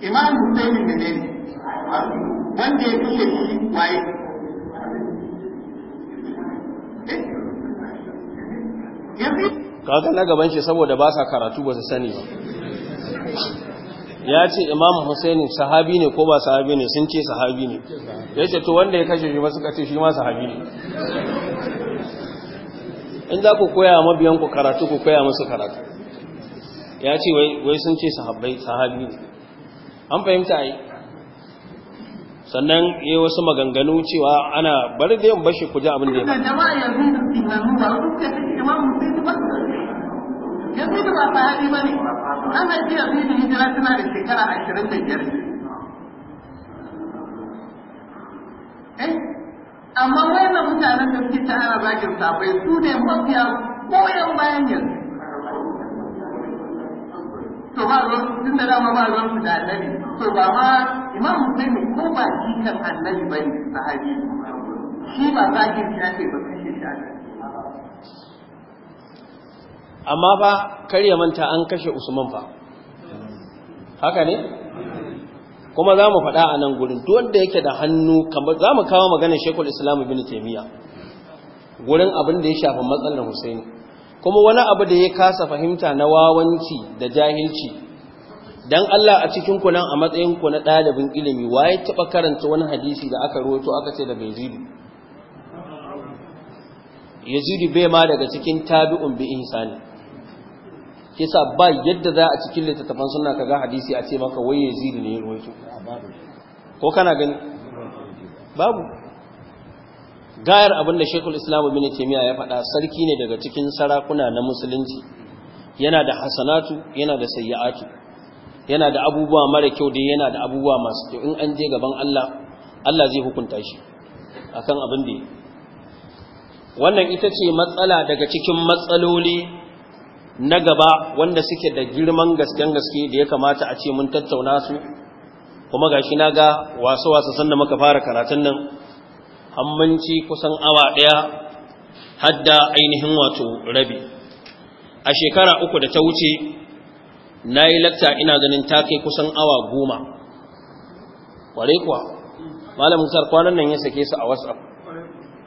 fi imam husaini ne ne wanda ya shi waye kaga na gaban shi saboda ba sa karatu ba su sani ba ya ce imam husaini sahabi ne ko ba sahabi ne sun ce sahabi ne ya ce to wanda ya kashe shi ba suka ce shi ma sahabi ne in za ku koya mabiyan ku karatu ku koya musu karatu ya ce wai sun ce sahabbai sahabi ne an fahimta yi sannan ya yi wasu maganganu cewa ana bari da yin bashi ku ji abin da ya ba Yazidu ba sahabi ba ne, an haifi Yazidu hijira tana da shekara ashirin da biyar. Eh, amma wannan mutanen da suke ta hana zagin sabai su ne mafiya goyon bayan yanzu. to ba ruwan tun da dama ba ruwan su da annabi to ba ma imam musulmi ko ba shi kan annabi ba ne sahabi shi ba zagin shi ake ba kashe shi ake amma fa kar manta an kashe usman fa haka ne kuma za mu faɗa a nan gurin wanda yake da hannu za mu kawo magana shekul islamu bin taimiyya gurin abin da ya shafi matsalar husaini kuma wani abu da ya kasa fahimta na wawanci da jahilci dan Allah a cikin ku nan a matsayin ku na ɗalibin ilimi waye taɓa karanta wani hadisi da aka roto aka ce daga yazidu yazidu bai ma daga cikin tabi'un bi Sani. kisa ba yadda za a cikin littattafan ka ga hadisi a ce maka wai zini ne ya ruwaito ko kana gani babu gayar abinda shekul islamu bin taimiyya ya faɗa sarki ne daga cikin sarakuna na musulunci yana da hasanatu yana da sayyatu yana da abubuwa mara kyau da yana da abubuwa masu kyau in an je gaban Allah Allah zai hukunta shi akan abin da wannan ita ce matsala daga cikin matsaloli na gaba wanda suke da girman gasken gaske da ya kamata a ce mun tattauna su kuma gashi na ga wasu wasu da muka fara karatun nan hammanci kusan awa ɗaya hadda ainihin wato rabi a shekara uku da ta wuce na yi lakta ina ganin ta kai kusan awa goma ƙware kuwa malamin sarkwanan kwanan nan ya sake su a whatsapp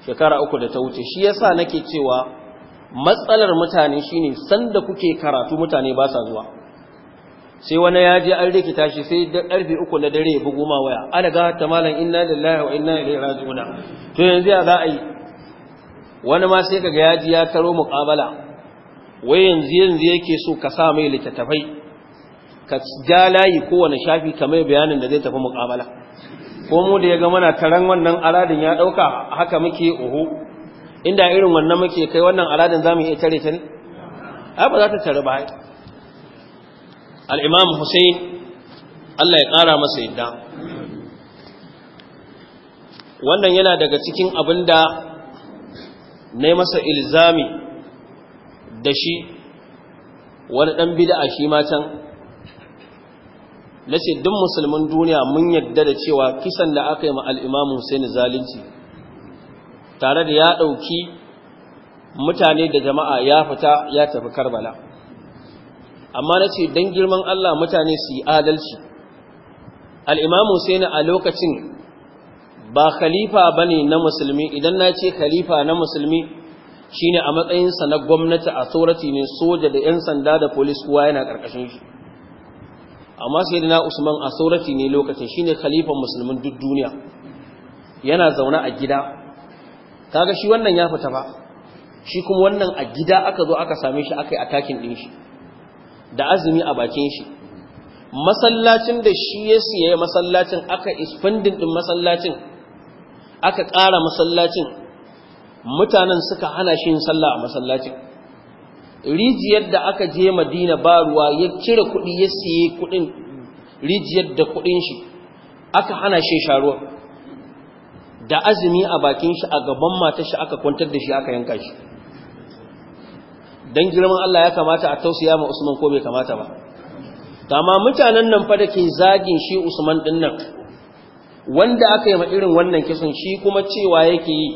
shekara uku da ta wuce shi yasa nake cewa matsalar mutane shine sanda kuke karatu mutane ba sa zuwa sai wani ya je an rikita shi sai da karfe uku na dare ya bugu ma waya ana ga ta malam inna lillahi wa inna ilaihi raji'un to yanzu ya za a yi wani ma sai kaga ya ji ya karo wai yanzu yanzu yake so ka sa mai littattafai ka ja layi kowane shafi ka mai bayanin da zai tafi muqabala ko mu da ya ga mana taran wannan aladin ya dauka haka muke oho inda irin wannan muke kai wannan aladin zamu iya tare ta ne a ba za ta tare ba al-imam Hussein Allah ya kara masa yadda wannan yana daga cikin abinda nayi masa ilzami da shi wani dan bid'a shi ma can nace duk musulmin duniya mun yadda da cewa kisan da aka yi ma al-imam zalunci tare da ya ɗauki mutane da jama'a ya fita ya tafi karbala amma na ce don girman Allah mutane su yi adalci al'imamu sai na a lokacin ba khalifa ba ne na musulmi idan na ce khalifa na musulmi shine a matsayinsa na gwamnati a tsorati ne soja da 'yan sanda da polis kuwa yana ƙarƙashin shi amma sai da na usman a tsorati ne lokacin shine khalifan musulmin duk duniya yana zaune a gida kaga shi wannan ya fita ba shi kuma wannan a gida aka zo aka same shi aka yi atakin ɗin shi da azumi a bakin shi masallacin da shi ya siye masallacin aka isfandin ɗin masallacin aka ƙara masallacin mutanen suka hana shi yin sallah a masallacin rijiyar da aka je madina ba ruwa ya cire kuɗi ya siye kuɗin rijiyar da kuɗin shi aka hana shi sharuwa da azumi a bakin shi a gaban matar shi aka kwantar da shi aka yanka shi dan girman Allah ya kamata a tausaya ma Usman ko bai kamata ba amma mutanen nan fa dake zagin shi Usman din nan wanda aka yi ma irin wannan kisan shi kuma cewa yake yi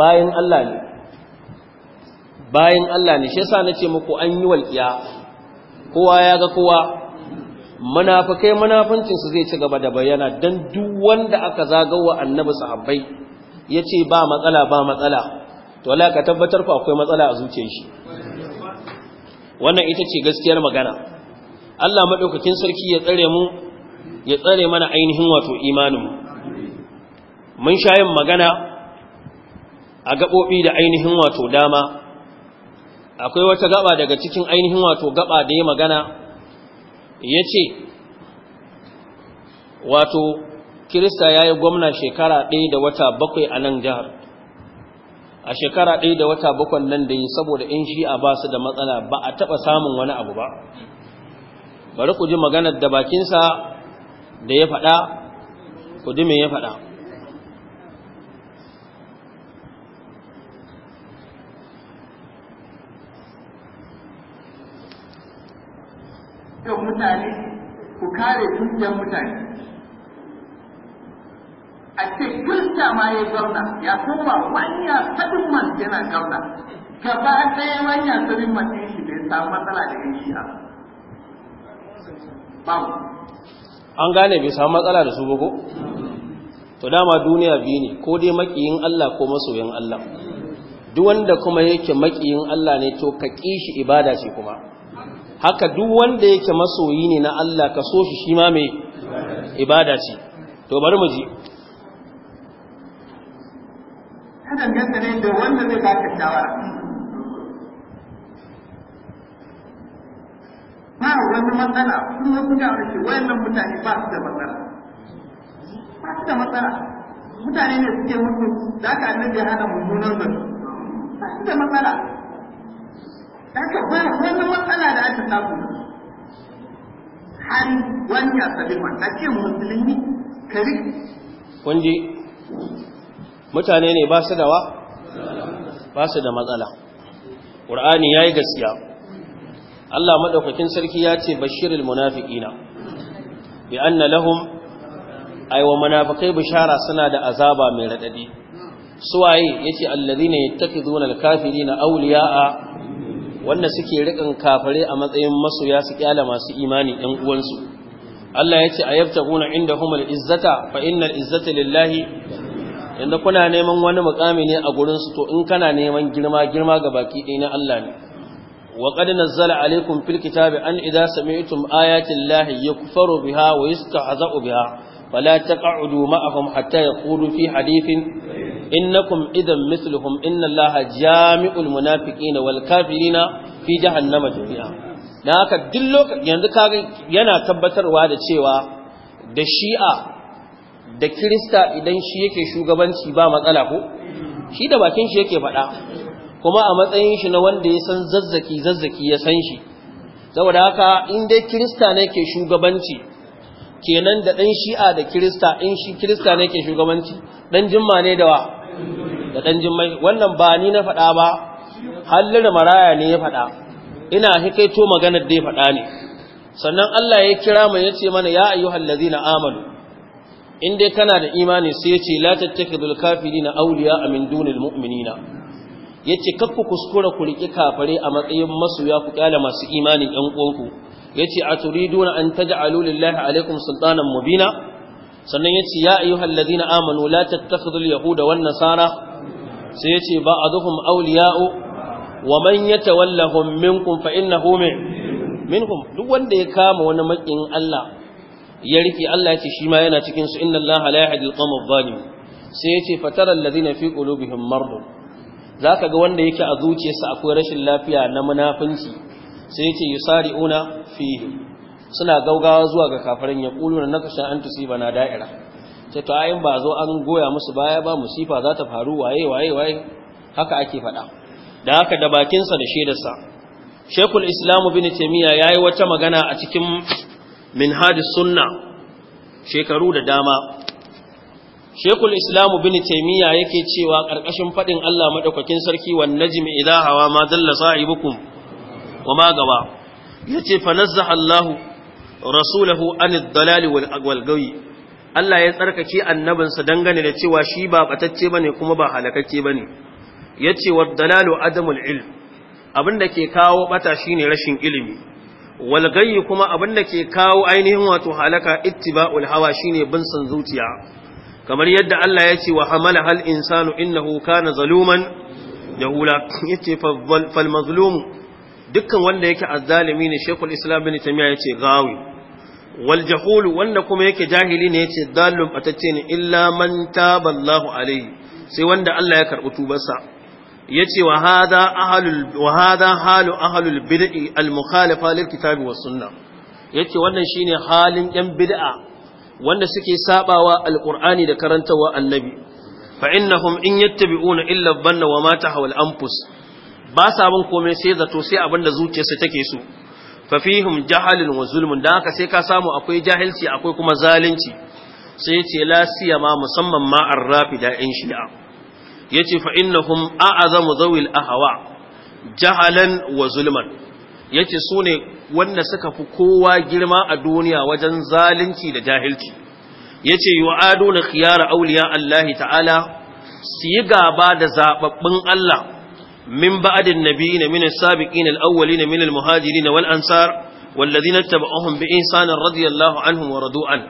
bayan Allah ne bayan Allah ne shi yasa ce muku an yi walƙiya. kowa ya ga kowa munafikai munafincin su zai ci gaba da bayyana dan duk wanda aka zagawa annabi sahabbai yace ba matsala ba matsala to Allah ka tabbatar ku akwai matsala a zuciyar shi wannan ita ce gaskiyar magana Allah madaukakin sarki ya tsare mu ya tsare mana ainihin wato imanin mu mun shayin magana a gabobi da ainihin wato dama akwai wata gaba daga cikin ainihin wato gaba da yi magana ya ce wato kirista ya yi gwamna shekara ɗaya da wata bakwai a nan jihar a shekara ɗaya da wata bakwai nan da yi saboda in shi'a ba su da matsala ba a taɓa samun wani abu ba bari ku ji maganar da bakinsa da ya faɗa ku ji mai ya faɗa yau mutane ku kare dukiyar mutane a ce kirista ma ya zauna ya koma "Wanya sabin man yana gwamna gaba ɗaya sai ya sadin man ɗin shi bai samu matsala da yan ba an gane bai samu matsala da su ba ko to dama duniya biyu ne ko dai makiyin Allah ko masoyin Allah duk wanda kuma yake makiyin Allah ne to ka kishi ibada ce kuma haka duk wanda yake masoyi ne na Allah ka so shi shi ma mai ibada ce to bari mu ji danganta ne da wanda zai ba ka shawara ba wani matsala kuma kuka wuce wayannan mutane ba su da matsala ba su da matsala mutane ne suke mutu da aka annabi ya hana mummunan zato ba su da matsala haka ba wani matsala da aka samu har wani ya sabi a ce musulmi kari kunji mutane ne ba su da wa ba su da matsala ƙur'ani ya yi gaskiya Allah maɗaukakin sarki ya ce bashirin munafiƙina bi an na lahum aiwa munafikai bishara suna da azaba mai raɗaɗi suwaye ya ce allazi ne ya tafi zunar kafiri na auliya'a wanda suke rikan kafare a matsayin masoya su kyala masu imani ɗan uwansu Allah ya ce a inda indahumul izzata fa innal izzata lillahi yanda kuna neman wani mukami ne a gurin su to in kana neman girma girma ga baki ɗaya na Allah ne wa qad nazzala alaykum fil kitabi an idza sami'tum ayati llahi yukfaru biha wa yustahza'u biha فلا تقعدوا معهم حتى hadifin? في حديث إنكم إذا مثلهم إن الله جامع المنافقين والكافرين في جهنم جميعا da haka duk lokacin yanzu kaga yana tabbatarwa da cewa da shi'a da kirista idan shi yake shugabanci ba matsala ko shi da bakin shi yake faɗa kuma a matsayin shi na wanda ya san zazzaki zazzaki ya san shi saboda haka in dai kirista na ke shugabanci kenan da ɗan shi'a da kirista in shi kirista ne ke shugabanci ɗan jimma ne da wa da ɗan jimma wannan ba ni na faɗa ba hallin maraya ne ya faɗa ina hikaito maganar da ya faɗa ne sannan Allah ya kira mu ya ce mana ya ayyuhal ladzina amanu in dai kana da imani sai ya ce la tattakidul kafirina awliya min dunil mu'minina yace kakku kuskura ku riƙi kafare a matsayin masoya ku kyala masu imanin ɗan uwanku yace turiduna an taj'alu alulillahi alaikum sultanan mubina sannan ce ya ayyuhal ladina amanu la tattakhidul yahuda wan nasara sai yace ba'dhum awliya'u wa man yatawallahum minkum fa innahu minkum duk wanda ya kama wani makin Allah ya rike Allah ce shi ma yana cikin su inna Allah la yahdi al-qawma adh-dhalim sai yace fataral ladina fi qulubihim marad zaka ga wanda yake a zuciyarsa akwai rashin lafiya na munafunci? sai yace yusari'una fihim suna gaugawa zuwa ga kafirin ya na nakasha an na da'ira sai to ayin ba zo an goya musu baya ba musifa za ta faru waye waye waye haka ake faɗa da haka da bakinsa da shedarsa shekul islamu bin taimiyya ya yi wata magana a cikin minhaj sunna shekaru da dama shekul islamu bin taimiyya yake cewa ƙarƙashin faɗin allah maɗaukakin sarki wa najmi idan hawa ma dalla sa'ibukum wa ma gaba yace fa nazzaha Allahu rasulahu anid dalali wal gawi Allah ya tsarkake annabinsa dangane da cewa shi ba batacce bane kuma ba halakakke bane yace wad dalalu adamul ilm abinda ke kawo bata shine rashin ilimi wal gayi kuma abinda ke kawo ainihin wato halaka ittiba'ul hawa shine bin san zuciya kamar yadda Allah ya ce wa hamala hal insanu innahu kana zaluman jahula yace fal mazlumu dukkan wanda yake azzalimi ne shekul islam bin tamiya yace gawi wal jahul wanda kuma yake jahili ne yace dalum batacce ne illa man taba Allahu alaihi sai wanda Allah ya karbi tubarsa yace wa hada ahlul wa hada halu ahlul bid'i al mukhalifa lil kitabi was sunnah yace wannan shine halin yan bid'a wanda suke sabawa alqur'ani da karantawa annabi fa innahum in yattabi'una illa dhanna wa ma tahawal anfus ba sa bin komai sai zato sai abin da zuciyarsu take so fa fihim jahalin wa zulmun dan haka sai ka samu akwai jahilci akwai kuma zalunci sai yace la siyama musamman ma arrafida in shi'a yace fa innahum a'azamu zawil ahwa jahalan wa zulman yace ne wanda suka fi kowa girma a duniya wajen zalunci da jahilci yace yu'aduna khiyara awliya Allah ta'ala su yi gaba da zababbin Allah من بعد النبيين من السابقين الأولين من المهاجرين والأنصار والذين اتبعوهم بإنسان رضي الله عنهم ورضوا عنه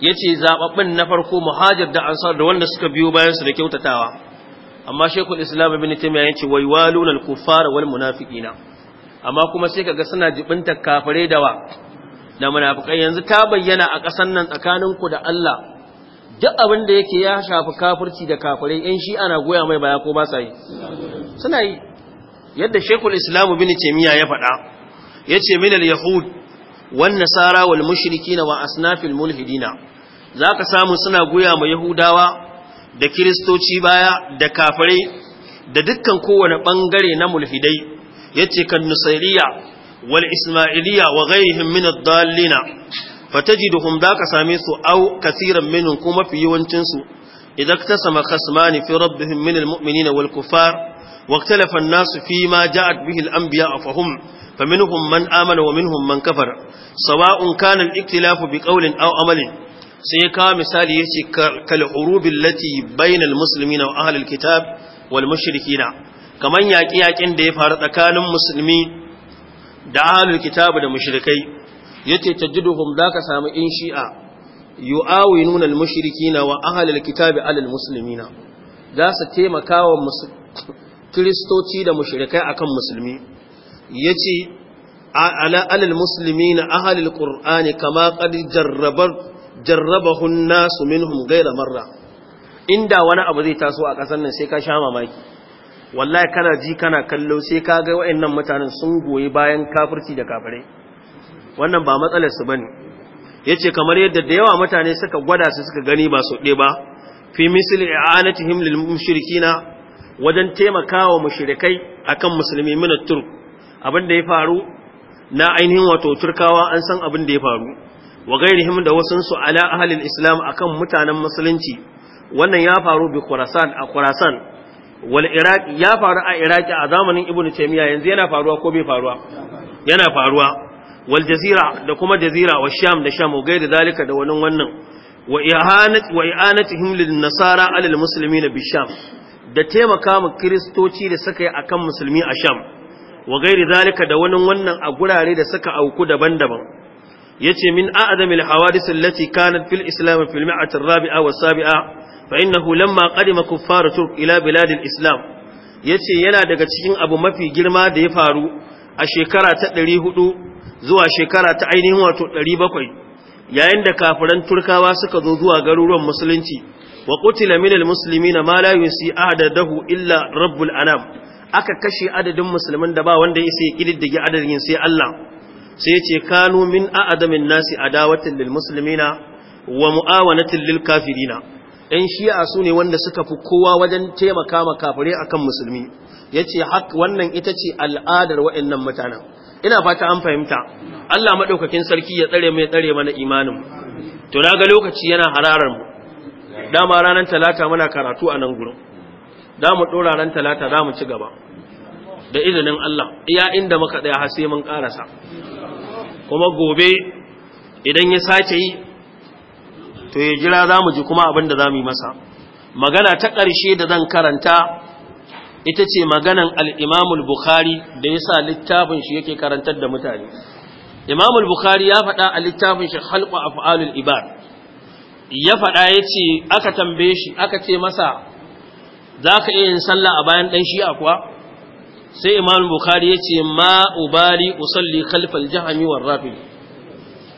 yace zaɓaɓɓen na farko muhajir da ansar da wanda suka biyo bayan su da kyautatawa amma shekul islam ibn taymiya yace waywalun al-kuffar wal munafiqina amma kuma sai ka ga suna jibinta kafare da wa da munafikai yanzu ta bayyana a kasan nan tsakaninku da Allah duk abin da yake ya shafi kafirci da kafirai yan shi ana goya mai baya ko ba sa yi suna yi yadda shekul islamu bin taimiyya ya faɗa ya ce minal yahud wan nasara wal mushrikina wa asnafil mulhidina zaka samu suna goya ma yahudawa da kiristoci baya da kafirai da dukkan kowane bangare na mulhidai yace kan nusairiya wal ismailiya wa ghairihim min ad-dallina da za ka same su au kasiran minin ko mafi yawancin su idan ka sama khasmani fi rabbihim min almu'minina wal kufar wa ikhtalafa an-nas fi ma ja'at bihi al-anbiya afahum faminhum man amana wa minhum man kafara sawa'un kana al-ikhtilafu bi qawlin aw amalin sai ka misali yace kal hurub allati bayna al-muslimina wa ahli al-kitab wal mushrikina kaman yaqi yaqin da ya faru tsakanin musulmi da ahli al da mushirikai. yace tajiduhum zaka samu in shi'a yu'awinuna al-mushrikina wa ahli al-kitabi ala al-muslimina za su taimakawa kristoci da mushrikai akan musulmi yace ala ala al-muslimina ahli al-qur'ani kama qad jarrabar jarrabahu an nasu minhum ghayra marra inda wani abu zai taso a kasan nan sai ka sha mamaki wallahi kana ji kana kallo sai ka ga wayannan mutanen sun goyi bayan kafirci da kafirai wannan ba matsalar su bane yace kamar yadda da yawa mutane suka gwada su suka gani ba su ɗe ba fi misli i'anatihim lil mushrikina wajen taimakawa mushrikai akan musulmi min turk abin da ya faru na ainihin wato turkawa an san abin da ya faru wa gairihim da wasun su ala ahlil islam akan mutanen musulunci wannan ya faru bi khurasan a khurasan wal iraq ya faru a iraki a zamanin ibnu taymiya yanzu yana faruwa ko bai faruwa yana faruwa wal da kuma jazira wa sham da sham ugai da da wani wannan wa ihanat wa nasara alal musulmi bi sham da taimaka mu kristoci da suka yi akan musulmi a sham wa gairi dalika da wani wannan a gurare da suka auku daban-daban yace min a'zamil hawadis allati kanat fil islam fil mi'at ar-rabi'a was sabi'a fa innahu lamma qadima kuffar turk ila bilad islam yace yana daga cikin abu mafi girma da ya faru a shekara ta ɗari huɗu. zuwa shekara ta ainihin wato 700 yayin da kafiran turkawa suka zo zuwa garuruwan musulunci wa qutila minal muslimina ma la yusi adadahu illa rabbul anam aka kashe adadin musulmin da ba wanda ya kididdige adadin sai Allah sai ya ce kanu min a'adamin nasi adawatan lil muslimina wa muawanatan lil kafirina ɗan shi'a su ne wanda suka fi kowa wajen taimaka ma kafirai akan musulmi yace hak wannan ita ce al'adar waɗannan mutanen ina fata an fahimta Allah madaukakin sarki ya tsare mu ya tsare mana imanin mu to ga lokaci yana hararar mu dama ranar talata muna karatu a nan gurin da mu dora ran talata za mu ci gaba da izinin Allah iya inda muka tsaya har sai mun karasa kuma gobe idan ya sace yi to ya jira za mu ji kuma abin da za mu yi masa magana ta ƙarshe da zan karanta ita ce maganan al'imamul bukhari da ya sa littafin shi yake karantar da mutane imamul bukhari ya faɗa a littafin shi halƙa a fa'alul ibar ya faɗa ya ce aka tambaye shi aka ce masa za ka iya yin sallah a bayan ɗan shi'a kuwa sai imamul bukhari ya ce ma usalli khalfal jahami war rafi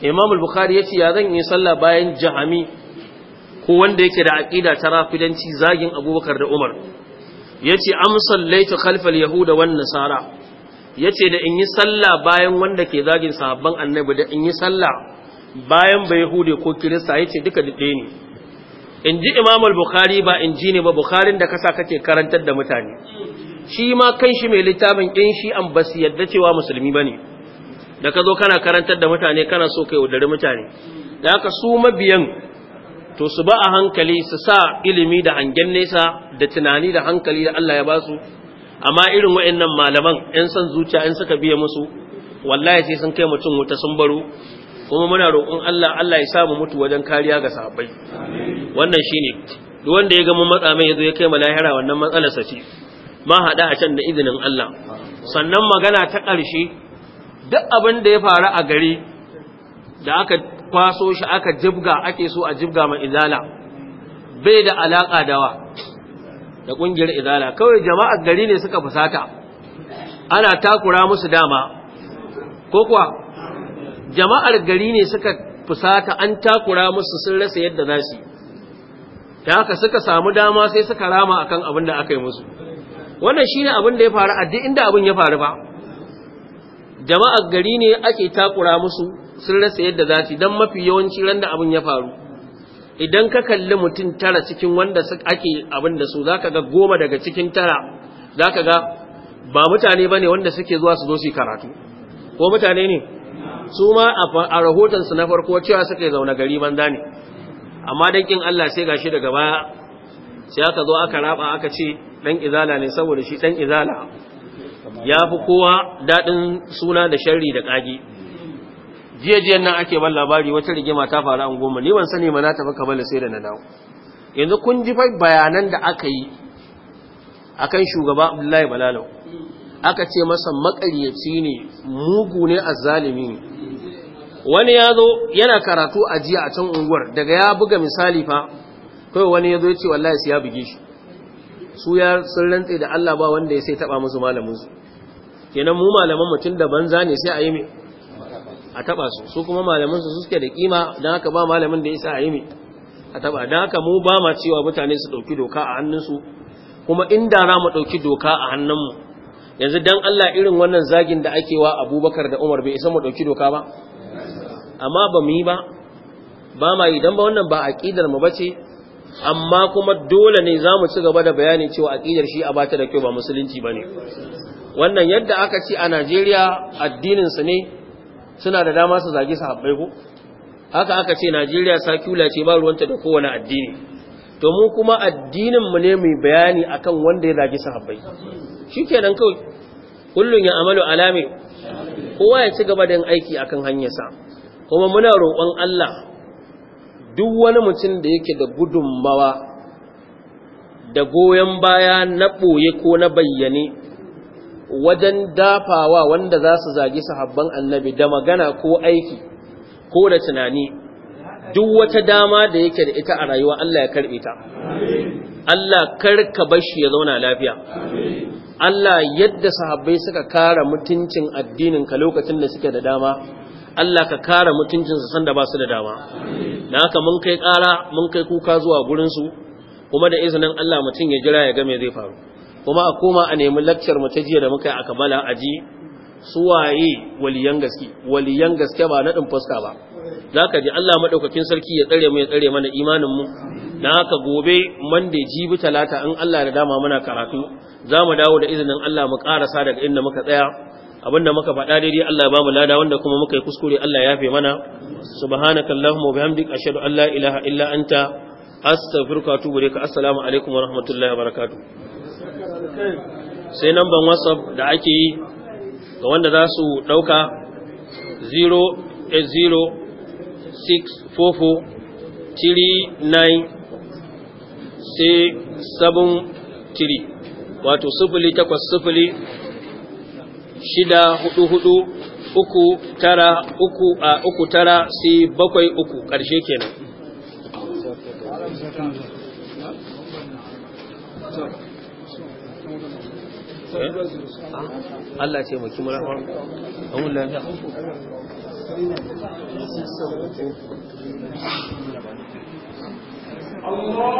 imamul bukhari ya ce ya zan yi sallah bayan jahami ko wanda yake da aƙida ta rafidanci zagin abubakar da umar yace am sallaitu khalfal yahuda wan nasara yace da in yi sallah bayan wanda ke zagin sahabban annabi da in yi sallah bayan bai yahude ko kirista yace duka dade ne in ji imam bukhari ba in ji ne ba bukharin da kasa kake karantar da mutane shi ma kan shi mai littafin in shi an basu yadda cewa musulmi ne. da ka zo kana karantar da mutane kana so ka yaudari mutane da haka su mabiyan to su ba a hankali su sa ilimi da hangen nesa da tunani da hankali da Allah ya ba su amma irin nan malaman ‘yan san zuciya in suka biya musu wallahi sai sun kai mutum wuta sun baro kuma muna roƙon Allah Allah ya samu mutu wajen kariya ga sahabbai wannan shine duk wanda ya gama matsa mai yazo ya kai lahira, wannan matsalar sa ce ma haɗa a can da izinin Allah sannan magana ta ƙarshe duk abin da ya faru a gari da aka kwaso shi aka jibga ake so a jibga ma izala bai da alaka dawa da kungiyar izala kawai jama'ar gari ne suka fusata ana takura musu dama ko kuwa jama'ar gari ne suka fusata an takura musu sun rasa yadda za su da haka suka samu dama sai suka rama akan abin da aka yi musu wannan shine abin da ya faru a duk inda abin ya faru ba jama'ar gari ne ake takura musu sun rasa yadda za su don mafi yawanci ran da abin ya faru idan ka kalli mutum tara cikin wanda ake abin da su za ka ga goma daga cikin tara za ka ga ba mutane ba ne wanda suke zuwa su zo su karatu ko mutane ne su ma a rahoton na farko cewa suka zaune gari banza ne amma don kin Allah sai ga shi daga baya sai aka zo aka raba aka ce dan izala ne saboda shi dan izala ya fi kowa daɗin suna da sharri da ƙage jiyan nan ake ban labari wata rigima ta faru an goma ni ban sani ma na tafi kabala sai da na dawo yanzu kun ji bayanan da aka yi akan shugaba Abdullahi balalo aka ce masa makaryaci ne mugu ne azzalimi wani ya zo yana karatu a jiya a can unguwar daga ya buga misali fa kai wani ya zo ya ce wallahi sai ya buge shi su ya sun rantse da Allah ba wanda ya sai taba musu malamin su kenan mu malaman mutum da banza ne sai a yi mai a taba su su kuma malamin su suke da kima dan haka ba malamin da yasa ayi yi mi a taba dan haka mu ba ma cewa mutane su dauki doka a hannun su kuma inda za mu dauki doka a hannun mu yanzu dan Allah irin wannan zagin da ake wa Abubakar da Umar bai isa mu dauki doka ba amma ba mu yi ba ba ma yi dan ba wannan ba aqidar mu bace amma kuma dole ne za mu ci gaba da bayani cewa aqidar shi a bata da kyau ba musulunci bane wannan yadda aka ci a Najeriya addinin su ne suna da dama su zage sahabbai ko haka aka ce Najeriya sakula ce ba ruwanta da kowane addini to mu kuma addinin mu ne mai bayani akan wanda ya zage sahabbai shikenan kawai kullun ya amalu alami kowa ya ci gaba da yin aiki akan hanyarsa kuma muna roƙon Allah duk wani mutum da yake da gudunmawa da goyon baya na ɓoye ko na bayyane wajen dafawa wanda za su zagi sahabban annabi da magana ko aiki ko da tunani duk wata dama da yake da ita a rayuwa Allah ya karbe ta Allah karka bashi ya zauna lafiya Allah yadda sahabbai suka kara mutuncin addinin ka lokacin da suke da dama Allah ka kara mutuncin su sanda ba su da dama na haka mun kai kara mun kai kuka zuwa gurin su kuma da izinin Allah mutum ya jira ya ga me zai faru kuma a koma a nemi lakcar mu ta jiya da muka yi a kamala a ji suwaye waliyan gaske waliyan gaske ba naɗin fuska ba za ka ji Allah maɗaukakin sarki ya tsare mu ya tsare mana imanin mu na haka gobe mande jibi talata an Allah da dama mana karatu za mu dawo da izinin Allah mu ƙarasa daga inda muka tsaya abin da muka faɗa daidai Allah ba mu lada wanda kuma muka yi kuskure Allah ya yafe mana subhanakallahumma wa bihamdika ashhadu an la ilaha illa anta astaghfiruka wa atubu assalamu alaikum wa rahmatullahi wa barakatuh sai namban whatsapp da ake yi ga wanda za su ɗauka 0806443 sai wato 0800 uku tara uku a uku tara sai bakwai uku ƙarshe kenan. Allah ce maki murafa amun lafiya Allah